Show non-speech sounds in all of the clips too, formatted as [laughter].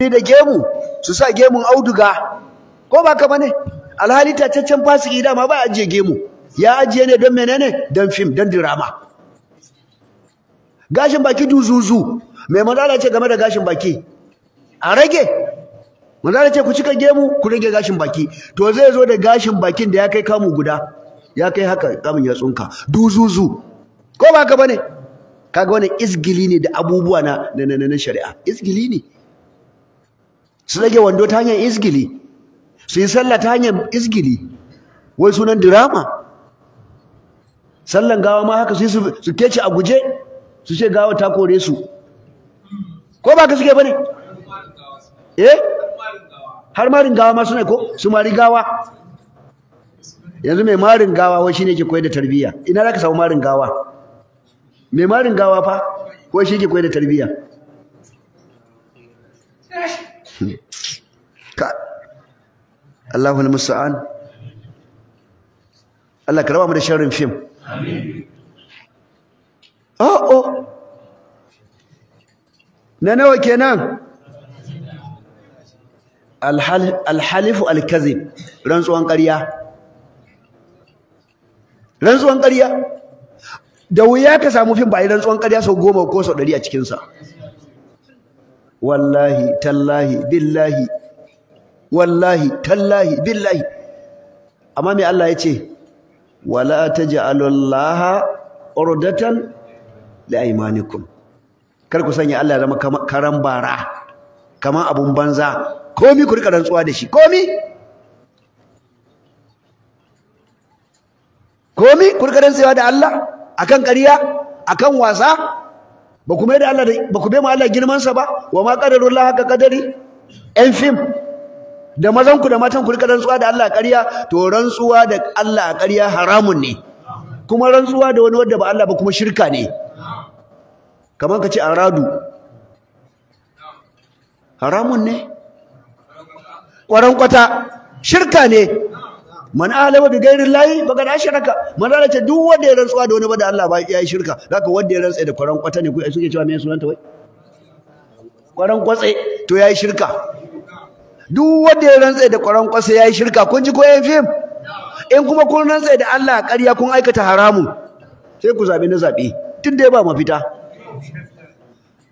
da gemu su sa gemun auduga ko ba ka bane alhali tacaccen fasiki dama ba ajiye gemu ya ajiye ne don menene don fim don dirama gashin baki duzuzu mai madara ce game da gashin baki a rage madara ce ku cika gemu ku rage gashin baki to zai zo da gashin bakin da ya kai kamu guda ya kai haka kamun ya tsunka duzuzu ko ba ka bane kaga wani isgili ne da abubuwa na na na shari'a isgili ne su rage wando ta hanyar izgili su yi sallah ta hanyar izgili wai sunan dirama sallan gawa ma haka sai su keci a guje su ce gawa ta kore su ko ba ka suke bane eh har marin gawa ma suna ko su mari gawa yanzu mai marin gawa wai shine ke koyar da tarbiyya ina zaka samu marin gawa mai marin gawa fa wai shi ke koyar da tarbiyya Allahu musa'an. Allah ka raba mu da sharrin fim amin oh oh na nawa kenan alhalifu alkazib rantsuwan ƙarya rantsuwan ƙarya da wuya ka samu fim ba a yi rantsuwan ƙarya sau goma ko sau ɗari a cikinsa wallahi tallahi billahi wallahi tallahi billahi amma me Allah ya ce wala taj'alullaha urdatan liaymanikum kar ku sanya Allah ya zama karan bara kaman abun banza komi ku rika rantsuwa da shi komi komi ku rika rantsuwa da Allah akan ƙarya akan wasa ba ku mai da Allah ba ku bai ma Allah girman sa ba wa ma qadarullahu haka qadari en fim da mazan ku da matan ku rika rantsuwa da Allah ƙarya to rantsuwa da Allah ƙarya haramun ne kuma rantsuwa da wani wanda ba Allah ba kuma shirka ne kamar ka ce aradu haramun ne ƙwaron kwata shirka ne man alama bi gairin layi ba gada shirka man ce duk wanda ya rantsuwa da wani ba da Allah ba ya yi shirka zaka wanda ya rantsa da kwaran kwata ne ko suke cewa me sunanta wai kwaran kwatse to ya yi shirka duk wanda ya rantse da ƙwaron ƙwasa ya yi shirka kun ji ko yan fim in kuma kun rantse da Allah a ƙarya kun aikata haramu sai ku zaɓi na zaɓe, tun da ya ba mafita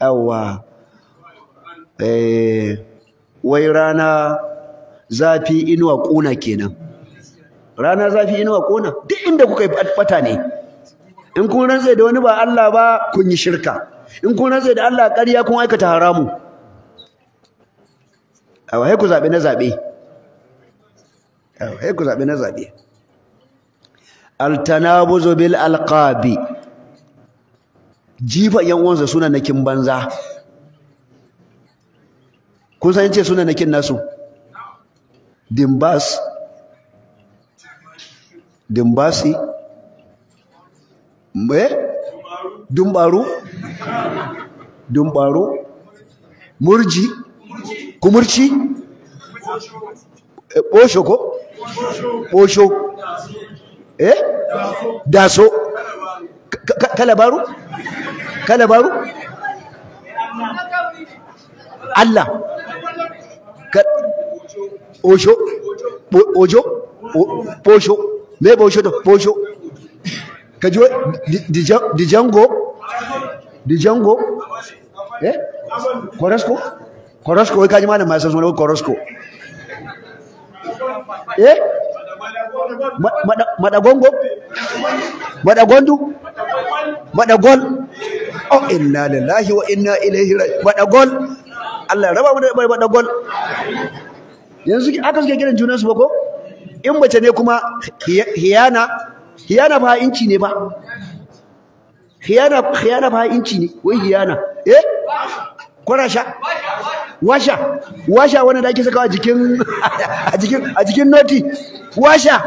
yawwa eh, wai rana zafi inuwa ƙuna kenan rana zafi inuwa ƙuna duk inda kuka yi fata ne in kun rantse da wani ba Allah ba kun yi shirka in kun rantse da Allah a ƙarya kun aikata haramu a wahai ku zaɓe na zaɓe a wahai ku zaɓi na zaɓe altanabuzu bil alƙabi. jifa yan uwansa suna nakin banza kun san ce suna nakin nasu dimbas dimbasi me dumbaru dumbaru murji kumurci ɓosho ko ɓosho eh daso kalabaru kalabaru allah ojo ojo posho me posho to di jango, dijango dijango eh koresko Korosko wai kaji malam ma san sunan Korosko. Eh? Madagongo? Madagondu? Madagol? Oh inna lillahi wa inna ilaihi raji'un. Madagol. Allah raba mu da bai madagol. Yanzu aka suke kiran junan su ba ko? In bace ne kuma hiyana hiyana ba inci ne ba. Hiyana hiyana ba inci ne, wai hiyana. Eh? kwarasha washa washa wanda da ake saka a jikin [laughs] a jikin a jikin noti washa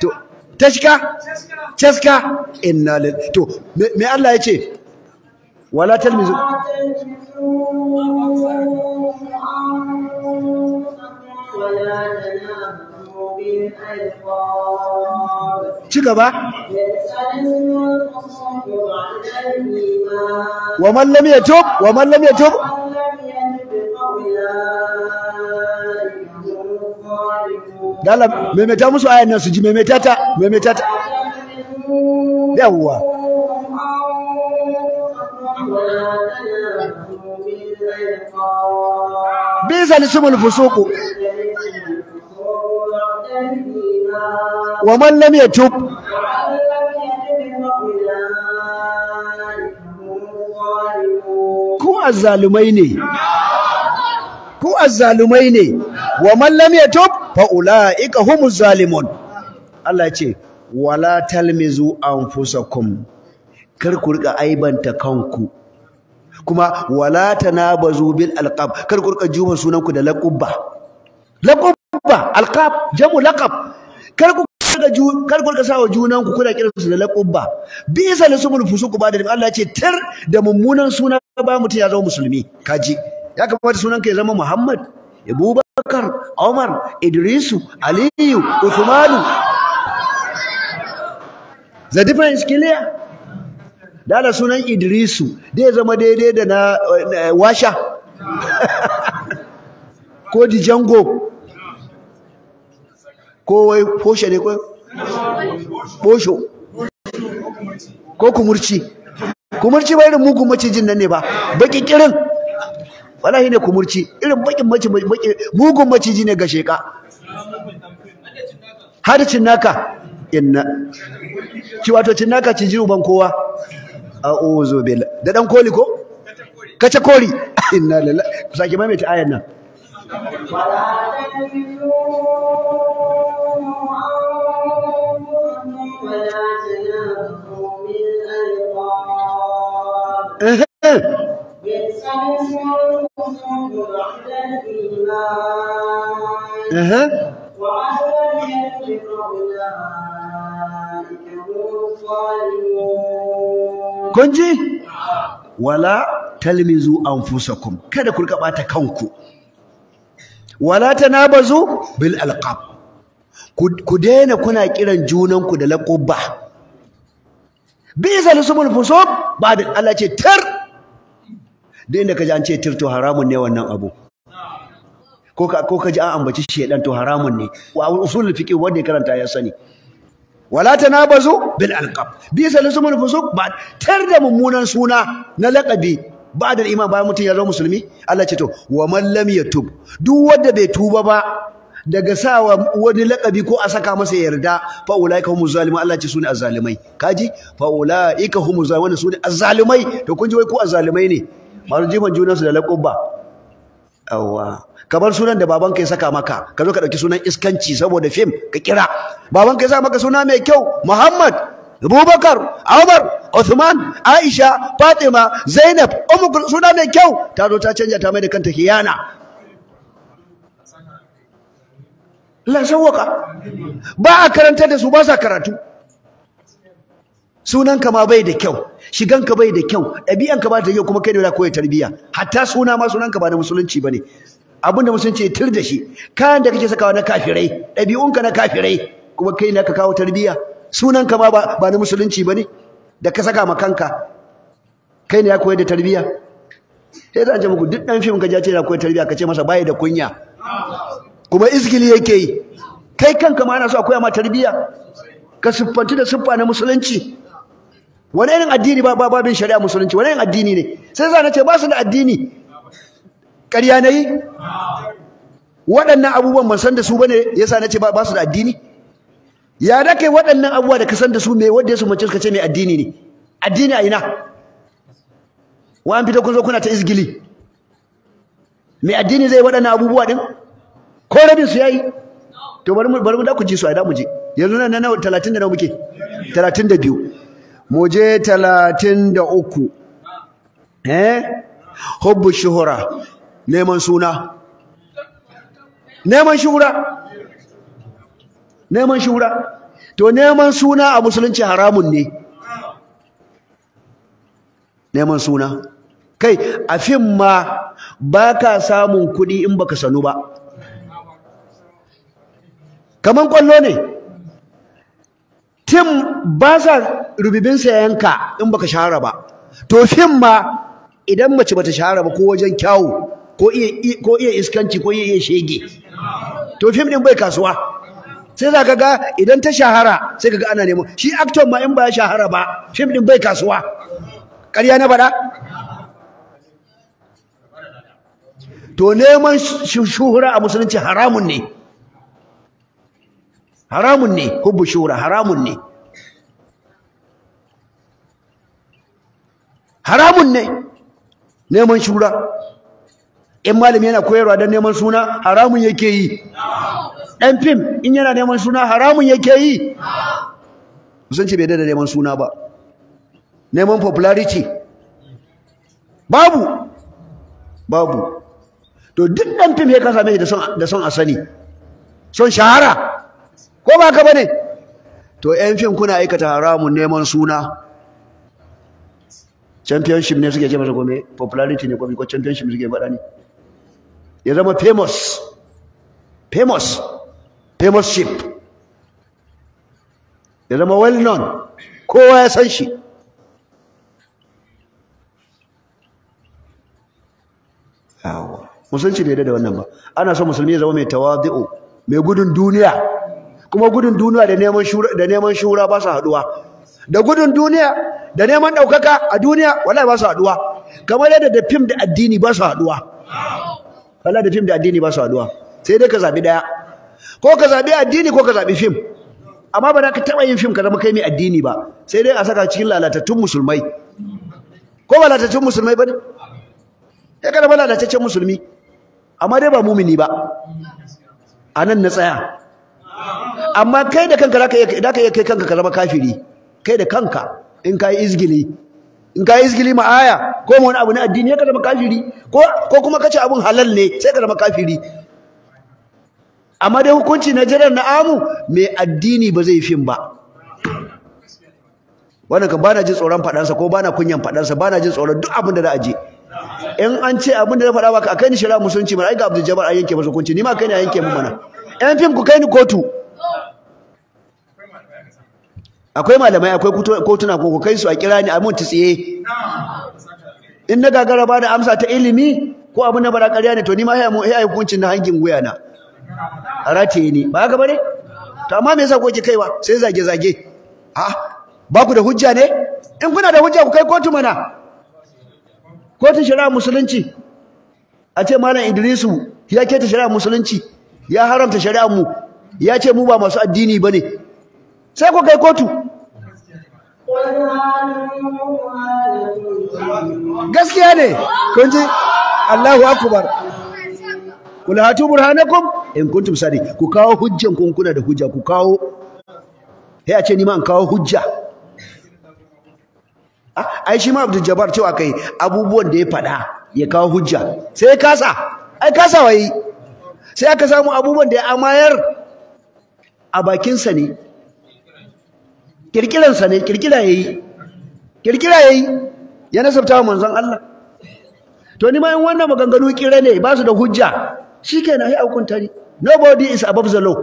to tashka tashka inna lil to me Allah yace wala talmizu ولا تنام ci gaba wa mallam ya tub wa mallam ya tub dala maimaita musu ayan nan su ji maimaita ta maimaita ta yawwa bisa lisumul fusuku ومن لم يتب ku azzalumai ne ku azzalumai ne wa man lam yatub fa ulaika humuz zalimun Allah ce wala talmizu anfusakum kar ku rika aibanta kanku kuma wala tanabazu bil alqab kar ku rika juma sunanku da laqabba laqab laƙubba alqab jamu laqab kar ku kar ku ga sawo junan ku kuna su da su mun fusu ku ba da Allah ce tir da mummunan suna ba mutum ya zama musulmi kaji ya kamata sunanka ya zama Muhammad Abubakar Umar Idrisu Aliyu Uthmanu the difference clear da sunan Idrisu dai zama daidai da na eh, washa [laughs] ko di jango. ko wai foshe ne kwa fosho ko kumurci kumurci ba irin mugun macijin nan ne ba baki kirin wallahi ne kumurci irin bakin maci mugun maciji ne ga sheka har cinnaka inna ci wato cinnaka ci jiru uban kowa a'udhu billah da dan koli ko kace kori inna lillahi saki mai ta ayan nan kunji wala talmizu anfusakum kada ku bata kanku wala tanabazu bil alqab ku dena kuna kiran junanku da laqabba bisa lisumul fusub ba da Allah ce tir da inda kaji an ce tir to haramun ne wannan abu ko ka ko kaji an ambaci shedan to haramun ne wa usulul fiqh wanda ya karanta ya sani wala tanabazu bil alqab bisa lisumul fusub ba tar da mummunan suna na laqabi ba da iman ba mutum ya zama musulmi Allah ce to wa man lam yatub duk wanda bai tuba ba daga sawa wani lakabi ko a saka masa yarda fa ulaika humuz zalimun Allah ce sune azzalimai kaji fa ulaika humuz zalimun sune azzalimai to kun ji wai ko azzalimai ne masu jifan junan su da laqabba awwa kamar sunan da baban ya saka maka ka zo ka dauki sunan iskanci saboda fim ka kira Baban ya saka maka suna mai kyau Muhammad Abubakar, Umar, Uthman, Aisha, Fatima, Zainab, Umu suna mai kyau ta zo ta canja ta mai da kanta kiyana Allah waka ba a karanta da su ba sa karatu sunanka ma bai da kyau shiganka bai da kyau ɗabi'anka ba ta yau kuma kai da koyi tarbiyya hatta suna ma sunanka ba na musulunci bane abinda musulunci ya tir da shi kayan da kake sakawa na kafirai ɗabi'unka na kafirai kuma kai ne ka kawo tarbiyya sunanka ma ba na musulunci bane da ka saka ma kanka kai ne ya koyar da tarbiyya sai da an ce muku duk ɗan fim ka ya ce ya koyar tarbiyya ka ce masa bai da kunya kuma izgili yake yi kai kanka ma ana so akwai ma tarbiya? ka siffanci da siffa na musulunci wani irin addini ba babin shari'a musulunci wani irin addini ne sai za na ce ba su da addini ƙarya na yi waɗannan abubuwan ban san da su bane ya na ce ba su da addini ya da kai waɗannan abubuwa da ka san da su me wanda ya su mace suka ce mai addini ne addini a ina wa an fito kun zo kuna ta izgili mai addini zai waɗannan abubuwa din ko rabin su yayi to bari mu bari mu da ku ji su a da mu je yanzu nan nawa 30 da nawa muke 32 mu je 33 eh hubbu shuhura neman suna neman shuhura neman shuhura to neman suna a musulunci haramun ne neman suna kai a fim ma ba ka samun kuɗi in baka sanu ba kamar kwallo ne tim ba sa ya yanka in baka shahara ba to fim ma idan mace bata shahara ba ko wajen kyawu ko iya iskanci ko iya shege to fim din bai kasuwa sai za ka ga idan ta shahara sai ka ga ana nemo shi actor ma in ba ya shahara ba fim din bai kasuwa ƙarya na bada? to neman shuhura a musulunci haramun ne haramun ne Hubu shura haramun ne haramun ne neman shura in malami yana koyarwa don neman suna haramun yake yi ɗan fim in yana neman suna haramun yake yi musanci bai da neman suna ba neman popularity babu babu to duk ɗan fim ya kasa mai da son a sani son shahara ko ba ka bane to yan fim kuna aikata haramun neman suna championship ne suke ce masa gome popularity ne ko championship suke faɗa ne ya zama famous famous famous ship ya zama well known kowa ya san shi musulunci bai da wannan ba ana so musulmi ya zama mai tawazi'u mai gudun duniya kuma gudun duniya da neman shura da neman shura ba su haduwa da gudun duniya da neman daukaka a duniya wallahi ba su haduwa kamar yadda da film da addini ba su haduwa wallahi da film da addini ba su haduwa sai dai ka zabi daya ko ka zabi addini ko ka zabi film amma ba za ka taba yin film ka zama kai mai addini ba sai dai a saka cikin lalatattun musulmai ko ba lalatattun musulmai ba ne ya kada ba lalataccen musulmi amma dai ba mumini ba a nan na tsaya amma kai da kanka da ka iya kai kanka ka zama kafiri kai da kanka in ka yi izgili in ka yi izgili ma'aya ko ko wani abu na addini ka zama kafiri ko kuma kace abin halal ne sai ka zama kafiri amma dai hukunci na jiran na amu mai addini ba zai fin ba wannan ka bana jin tsoron fadansa ko bana kunyan fadansa bana jin tsoron duk abin da za a je in an ce abin da na faɗa ka kai ni shari'a musulunci mana ai ga Abdul jabar a yanke masa hukunci ni ma kai ne a yanke mu mana Ƴan fim ku kai ni kotu akwai malamai akwai kotuna ko ku kai su a kira ni a mun tsiye in na gagara ba da amsa ta ilimi ko abu na bara ƙarya ne to ni ma ya yi hukuncin na hangin wuya na a rataye ni ba haka bare? to amma me yasa ku ke kaiwa sai zage zage ha ba ku da hujja ne in kuna da hujja ku kai kotu mana kotun shari'a musulunci a ce malam idrisu ya keta shari'a musulunci ya haramta shari'ar mu ya ce mu ba masu addini bane sai ku kai kotu gaskiya ne kun ji Allahu akbar kul hatu burhanakum in kuntum sadi ku kawo hujjan kun kuna da hujja ku kawo sai a ce ni ma in kawo hujja ah, ai shi ma Abdul Jabbar cewa kai abubuwan da ya faɗa ya kawo hujja sai ya kasa ai kasa wai sai aka samu abubuwan da ya amayar a bakinsa ne kirkiransa ne kirkira ya yi kirkira ya yi ya nasabta wa manzon Allah to ni ma in wannan maganganu kira ne ba su da hujja shi ke na yi ne nobody is above the law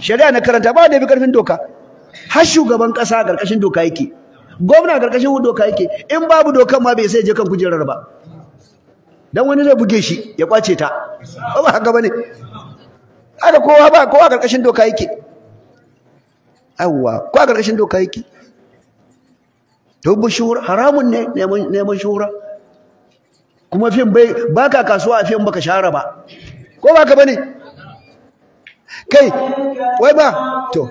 shari'a na karanta ba da bi karfin doka har shugaban kasa a ƙarƙashin doka yake gwamna a ƙarƙashin doka yake in babu dokan ma bai sai je kan kujerar ba dan wani zai buge shi ya kwace ta ba ba haka bane aka kowa ba kowa karkashin doka yake awwa kowa karkashin doka yake to shura haramun ne neman shura kuma fim bai baka kasuwa a fim baka shara ba ko baka bane kai wai ba to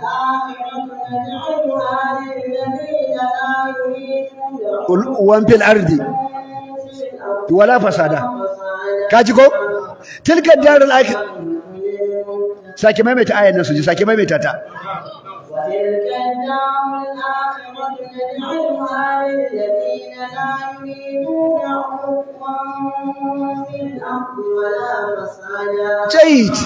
wan fil ardi wala fasada kaji ko tilka darul akhir sake maimaita ta nan su ji sake maimaita ta Jade.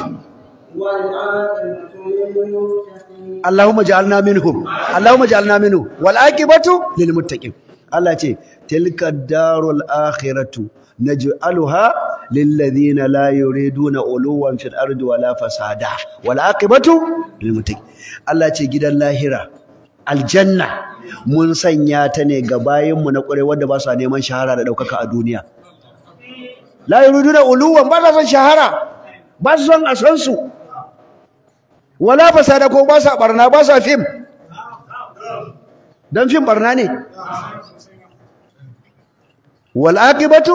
Allahumma ja'alna minhum Allahumma ja'alna minhu wal aqibatu lil muttaqin Allah ce tilka darul akhiratu naj'aluha lil ladina la yuriduna uluwan fil ardi wala fasada wal aqibatu lil muttaqin Allah ce gidan lahira aljanna mun sanya ta ne ga bayinmu na ƙure wanda ba sa neman shahara da ɗaukaka a duniya la yuriduna uluwan ba sa son shahara ba su son a sansu. su wala fasada ko ba sa barna ba sa fim dan fim barna ne wal aqibatu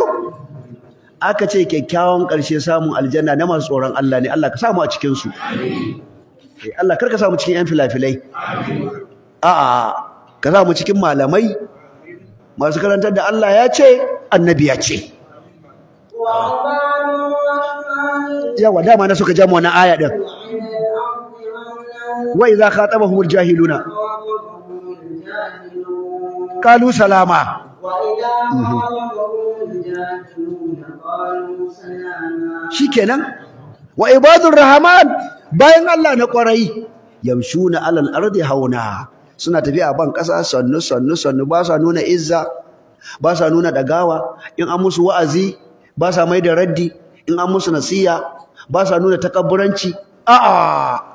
aka ce kyakkyawan karshe samun aljanna na masu tsoron Allah ne Allah ka samu a cikin su eh, Allah kar ka samu cikin yan filafilai a'a ka samu cikin malamai masu karantar da Allah ya ce annabi ya ce wa dama na suka jama wani aya din wa idza khatabahumul jahiluna qalu salama mhm. shikenan wa ibadur rahman bayan Allah na kwarai yamshuna alal ardi hauna suna tafiya a ban kasa sannu sannu sannu ba sa nuna izza ba sa nuna dagawa in an musu wa'azi ba sa mai da raddi in an musu nasiya ba sa nuna takabburanci a'a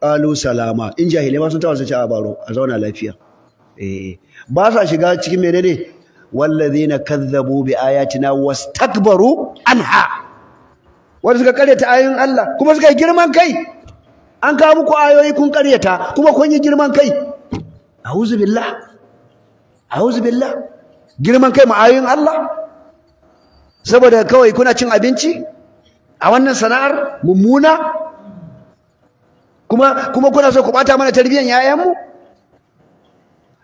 Ƙalu salama in jahilai ma sun tawasa sun a baro a zauna lafiya eh ba sa shiga cikin menene wallazina kazzabu bi ayatina wastakbaru anha wanda suka karyata ayoyin Allah kuma suka yi girman kai an kawo muku ayoyi kun karyata kuma kun yi girman kai a'udhu billah a'udhu billah girman kai ma ayoyin Allah saboda kawai kuna cin abinci a wannan sana'ar mummuna kuma kuma kuna so ku bata mana tarbiyyar yayanmu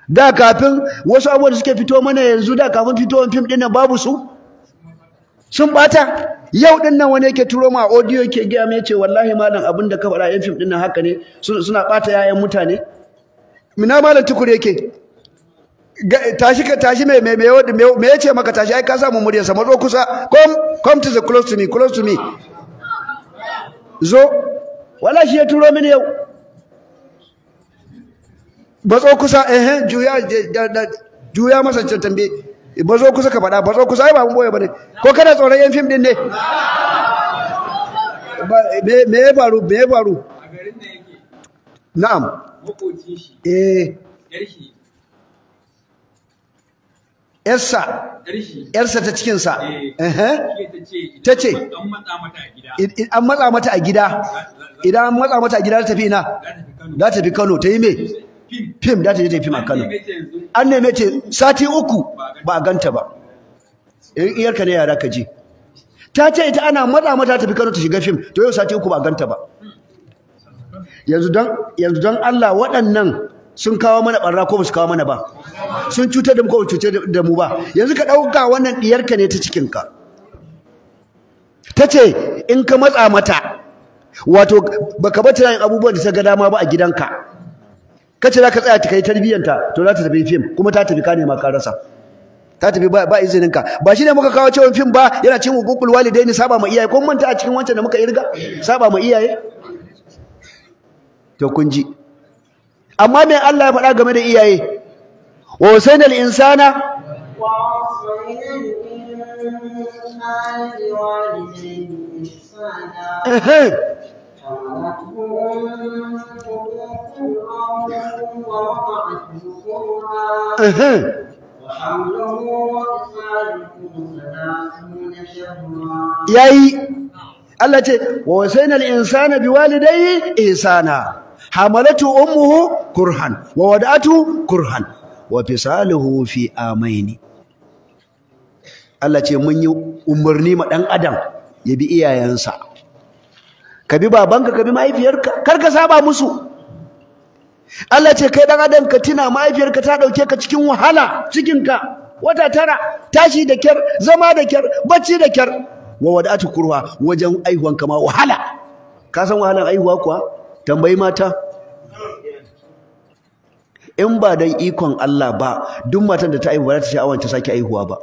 da kafin wasu abubuwan da suke fito mana yanzu da kafin fitowar fim din nan babu su sun bata yau din nan wani yake turo ma audio yake gaya mai ce wallahi malam abin da ka faɗa yan fim din nan haka ne suna bata yayan mutane mina malam tukur yake tashi ka tashi me me me me yace maka tashi ai ka samu muryarsa matso kusa come come to the close to me close to me zo wala shi ya turo mini yau zo kusa eh juya juya masa ba zo kusa ka faɗa zo kusa ai ba mun boye bane ko kana tsoron yan fim din ne me ya faru me ya faru na'am eh yarki yarsa yarsa ta cikinsa eh. ta ce an matsa mata a gida idan an matsa mata a gida ta tafi ina za ta fi kano ta yi me fim za ta je ta yi fim a kano an neme ce sati uku ba a ganta ba in eh, iyarka ne yara ka ji ta ce ita ana matsa mata ta fi kano ta shiga fim to yau sati uku ba a ganta ba hmm. yanzu don Allah waɗannan sun kawo mana barra ko su kawo mana ba sun cutar da mu ko cutar da mu ba yanzu ka dauka wannan diyarka ne ta cikin ka tace in ka matsa mata wato baka bata yin abubuwan da ta ga dama ba a gidanka Ka ce za ka tsaya ta kai tarbiyyanta to za ta tafi fim kuma ta tafi ka nema ka rasa ta tafi ba, ba izinin ka ba shine muka kawo cewa fim ba yana cin hukukul walidaini saba ma iyaye kun manta a cikin wancan da muka irga saba ma iyaye to kun ji amma me Allah ya faɗa game da iyaye wa wasainal insana [laughs] yayi Allah ce wa wasainal insana biwalidayhi ihsana hamalatu ummuhu kurhan wa wada'atu kurhan wa fisaluhu fi amaini Allah ce mun yi umarni ma dan adam ya bi iyayensa ka bi babanka ka bi mahaifiyarka kar ka saba musu Allah ce kai dan adam ka tina mahaifiyarka ta dauke ka cikin wahala cikin ka wata tara tashi da kyar zama da kyar bacci da kyar wa wada'atu kurwa wajen aihuwan kama wahala ka san wahalan aihuwa kuwa tambayi mata in ba dan ikon Allah ba duk matan da ta aihu ba za ta sha'awar ta sake aihuwa ba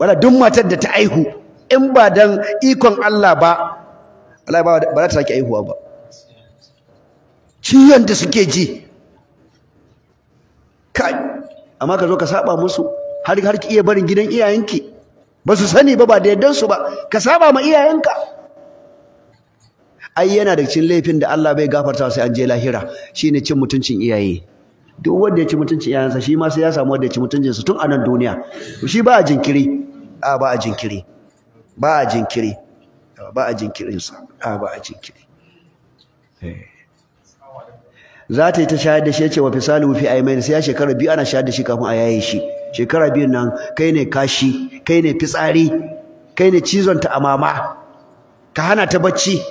wala duk matan da ta aihu in ba dan ikon Allah ba Allah ba ba za ta sake aihuwa ba ciyon da suke ji kai amma ka zo ka saba musu har har ki iya barin gidan iyayenki ba su sani ba ba da yaddan su ba ka saba ma iyayenka ai yana da cikin laifin da Allah bai gafarta sai an je lahira shine cin mutuncin iyaye duk wanda ya ci mutuncin iyayensa shi ma sai ya samu wanda ya ci mutuncinsa tun a nan duniya shi ba a jinkiri a ba a jinkiri ba a jinkiri ba a jinkirinsa a ba a jinkiri za ta yi ta shayar da shi ya ce wa fisalu fi aimaini sai ya shekara biyu ana shayar da shi kafin a yaye shi shekara biyun nan kai ne kashi kai ne fitsari kai ne cizon ta amama ka hana ta bacci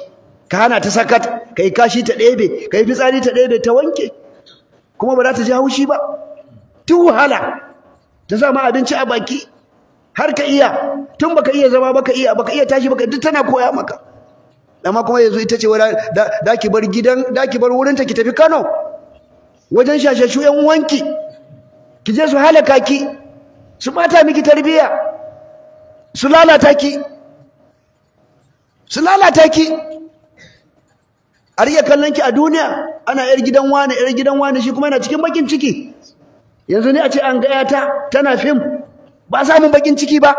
ka hana ta sakat ka yi kashi ta ɗebe ka yi fitsari ta ɗebe ta wanke kuma ba za ta ji haushi ba tun wahala ta sa ma abinci a baki har ka iya tun baka iya zama baka iya baka iya tashi baka duk tana koya maka amma kuma yanzu ita ce da ki bar gidan da ki bar wurin ta ki tafi Kano wajen shashashu yan wanki. ki je su halaka ki su mata miki tarbiya su lalata ki su lalata ki a riya kallon ki a duniya ana yar gidan wani yar gidan wani shi kuma yana cikin bakin ciki yanzu ne a ce an ga ta tana fim ba samun bakin ciki ba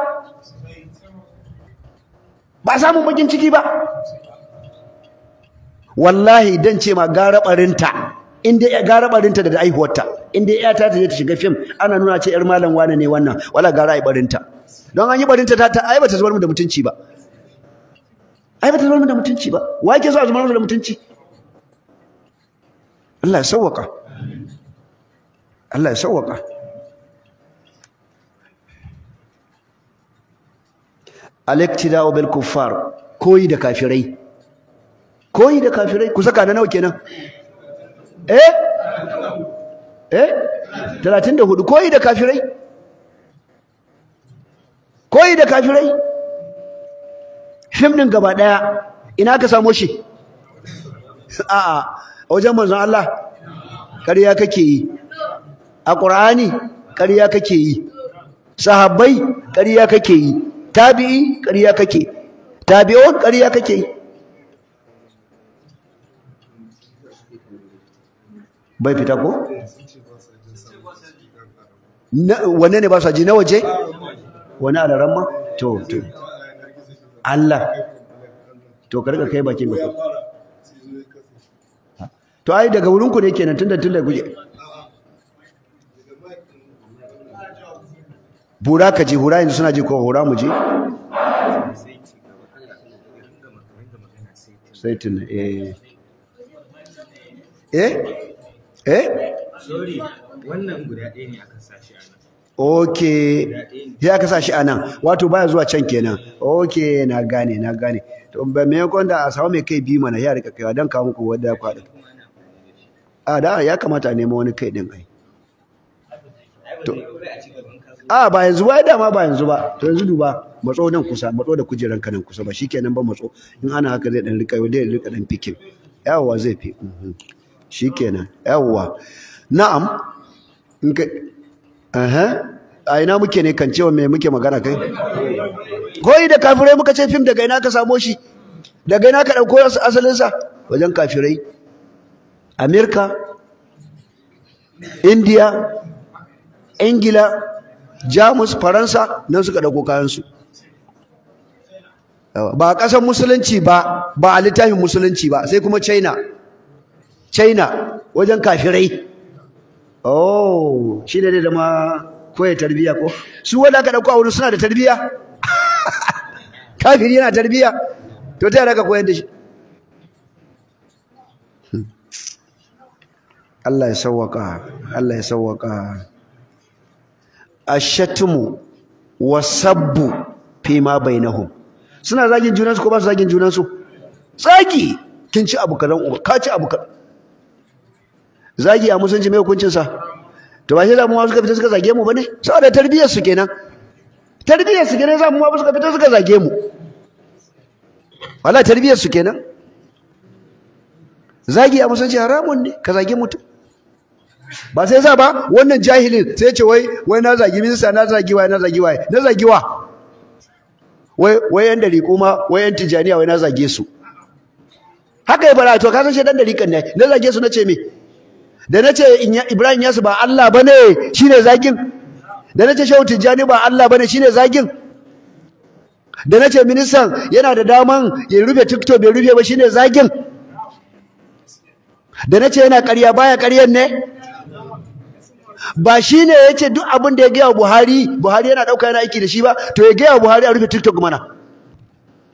ba samun bakin ciki ba wallahi dan ce ma gara barinta inda ya gara barinta da aihuwarta inda ya ta je ta shiga fim ana nuna ce yar malam wani ne wannan wala gara ai barinta don an yi barinta ta ai bata zubar mu da mutunci ba ai ba ta zama da mutunci ba wa ke so a zama da mutunci Allah ya sauwaka Allah ya sauwaka al-iktida'u bil kuffar koyi da kafirai koyi da kafirai ku saka na nawa kenan eh eh 34 koyi da kafirai koyi da kafirai fim din gaba daya ina ka samo shi a'a wajen manzon Allah ƙarya kake yi a Qur'ani ƙarya kake yi sahabbai ƙarya kake yi tabi'i ƙarya kake tabi'un ƙarya kake yi bai fita ko wanne ne ba sa ji na waje wani alaramma to to Allah to karka kai bakin ba to ai daga wurin ku ne kenan tunda tunda guje bura ka ji hura yanzu suna ji ko hura mu ji saitin eh eh, eh? sorry wannan guda ɗaya ne aka sashi a ok ya aka sa shi a nan wato baya zuwa can kenan ok na gane na gane to ba me yakon da a samu mai kai biyu mana ya rika kaiwa don kawo muku wanda ya kwada a da ya kamata a nema wani kai din ai a ba yanzu ba dama ba yanzu ba to yanzu duba matso nan kusa matso da kujeran kanan kusa ba shi kenan ba matso in ana haka zai dan rika zai rika dan fikin yawwa zai fi mhm. shi kenan yawwa na'am in a ina muke ne kan cewa me muke magana kai koyi da kafirai muka ce fim daga ina ka samo shi daga ina ka ɗauko asalinsa wajen kafirai amerika indiya ingila jamus faransa nan suka ɗauko kayansu ba a ƙasar musulunci ba ba a littafin musulunci ba sai kuma china china wajen kafirai oh shi ne da ma koyar tarbiya ko su wanda aka ɗauka a wurin suna da tarbiya [laughs] kafiri yana tarbiya to ta yi raka koyar da shi Allah ya sauwaka, Allah ya sawwaka ashatumu wasabbu fi ma bainahu. suna zagin junansu ko ba su zagin junansu zagi kin ci abu kadan uba ka ci abu kadan zagi a musulunci mai hukuncin sa to ba shi da mu suka fita suka zage mu bane saboda tarbiyyar su kenan tarbiyyar su kenan za mu suka fita suka zage mu wala tarbiyyar su kenan zagi a musulunci haramun ne ka zage mutum ba sai sa ba wannan jahilin sai ce wai wai na zagi sa na zagi wai na zagi wai na zagi wa wai wai yan dari kuma wai yan tijaniya wai na zage su haka ya bara to ka san shi dan kan ne na zage su na ce me da na ce Ibrahim Yasu ba Allah ba ne shi ne zagin da na ce Shehu Tijjani ba Allah ba ne shi ne zagin da na ce ministan yana da daman ya rufe tiktok bai rufe ba shi ne zagin da na ce yana karya baya karyan ne ba shi ne ya ce duk abin da ya gaya Buhari Buhari yana ɗauka yana aiki da shi ba to ya gaya Buhari a rufe tiktok mana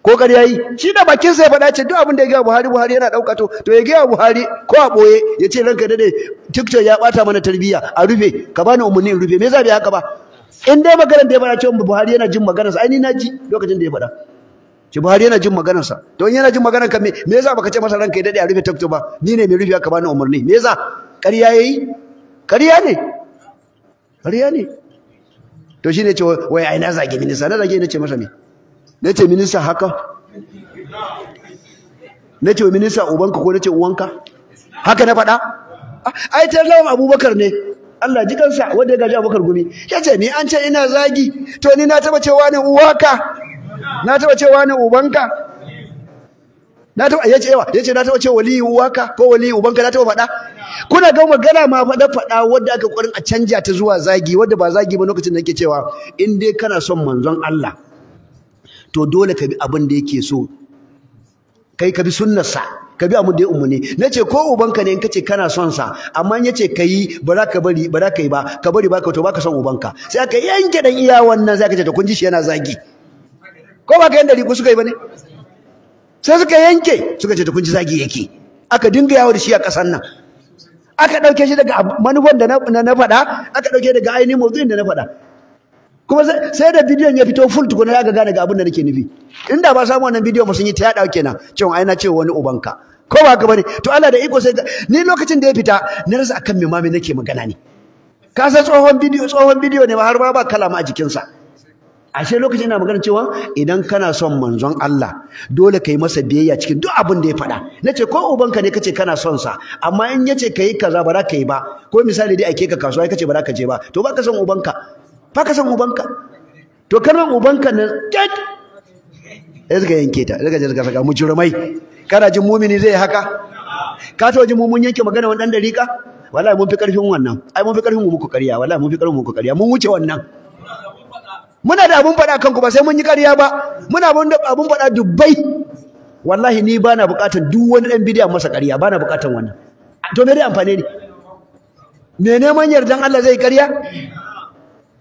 ko ƙarya yi shi da bakin sa ya faɗa ce duk abin da ya gaya Buhari Buhari yana ɗauka to to ya gaya Buhari ko a ɓoye ya ce ranka dade TikTok ya ɓata mana tarbiyya a rufe ka bani umarni in rufe me yasa haka ba in dai maganar da ya faɗa cewa Buhari yana jin maganarsa ai ni na ji lokacin da ya faɗa ce Buhari yana jin maganarsa to in yana jin maganar ka me me yasa baka ce masa ranka ya dade a rufe TikTok ba ni ne mai rufe ka bani umarni me yasa ƙarya yayi ƙarya ne ƙarya ne to shine ce wai ai na zage minista na zage ne ce masa me na ce minista haka na ce minista ubanka ko na ce uwanka haka na faɗa ai tallawan abubakar ne Allah ji kansa wanda ya gaji abubakar gumi ya ce ni an ce ina zagi to ni na taɓa cewa ne uwaka na taɓa cewa ne ubanka na taba ya ce yawa ya ce na taɓa cewa wali uwaka ko wali ubanka na taɓa faɗa kuna ga magana ma faɗa faɗa wanda aka ƙwarin a canja ta zuwa zagi wanda ba zagi ba lokacin da nake cewa in dai kana son manzon Allah to dole ka bi abin da yake so kai ka bi sunnarsa ka bi abin da ya umarni. na ce ko ubanka ne in ka ce kana son sa amma in ya ce ka yi ba za ka bari ba za ka yi ba ka bari ba ka to ba ka son ubanka sai aka yanke dan iya wannan sai aka ce to kun ji shi yana zagi ko ba ka yanda riku suka yi ba ne sai suka yanke suka ce to kun ji zagi yake aka dinga yawo da shi a ƙasar nan aka ɗauke shi daga manufan da na faɗa aka ɗauke daga ainihin motsin da na faɗa kuma sai da bidiyon ya fito full tukuna ya ka gane ga abin da nake nufi inda ba samu wannan bidiyon ba sun yi ta yaɗa kenan cewa ai na ce wani ubanka ko ba ka bane to Allah da iko sai ni lokacin da ya fita na rasa akan me mami nake magana ne ka san tsohon bidiyo tsohon bidiyo ne ba har ba ba kalama a jikinsa ashe lokacin ina magana cewa idan kana son manzon Allah dole kai masa biyayya cikin duk abin da ya faɗa nace ko ubanka ne kace kana son sa amma in yace kai kaza ba za ka yi ba ko misali dai ake ka kasuwa kace ba za ka je ba to ba ka son ubanka Fa ka san ubanka to kalmar ubanka nan kyat sai suka yanke ta suka je suka saka kana jin mumini zai haka ka taɓa jin mun yanke magana wani ɗan dariƙa wallahi mun fi ƙarfin wannan ai mun fi ƙarfin mu muku kariya wallahi mun fi karfin mu muku kariya mun wuce wannan muna da abun faɗa kanku ba sai mun yi kariya ba muna da abun faɗa dubbai wallahi ni bana buƙatar duk wani dan bidiya masa ƙarya bana buƙatar wannan to me dai amfane ne me neman yardan Allah zai kariya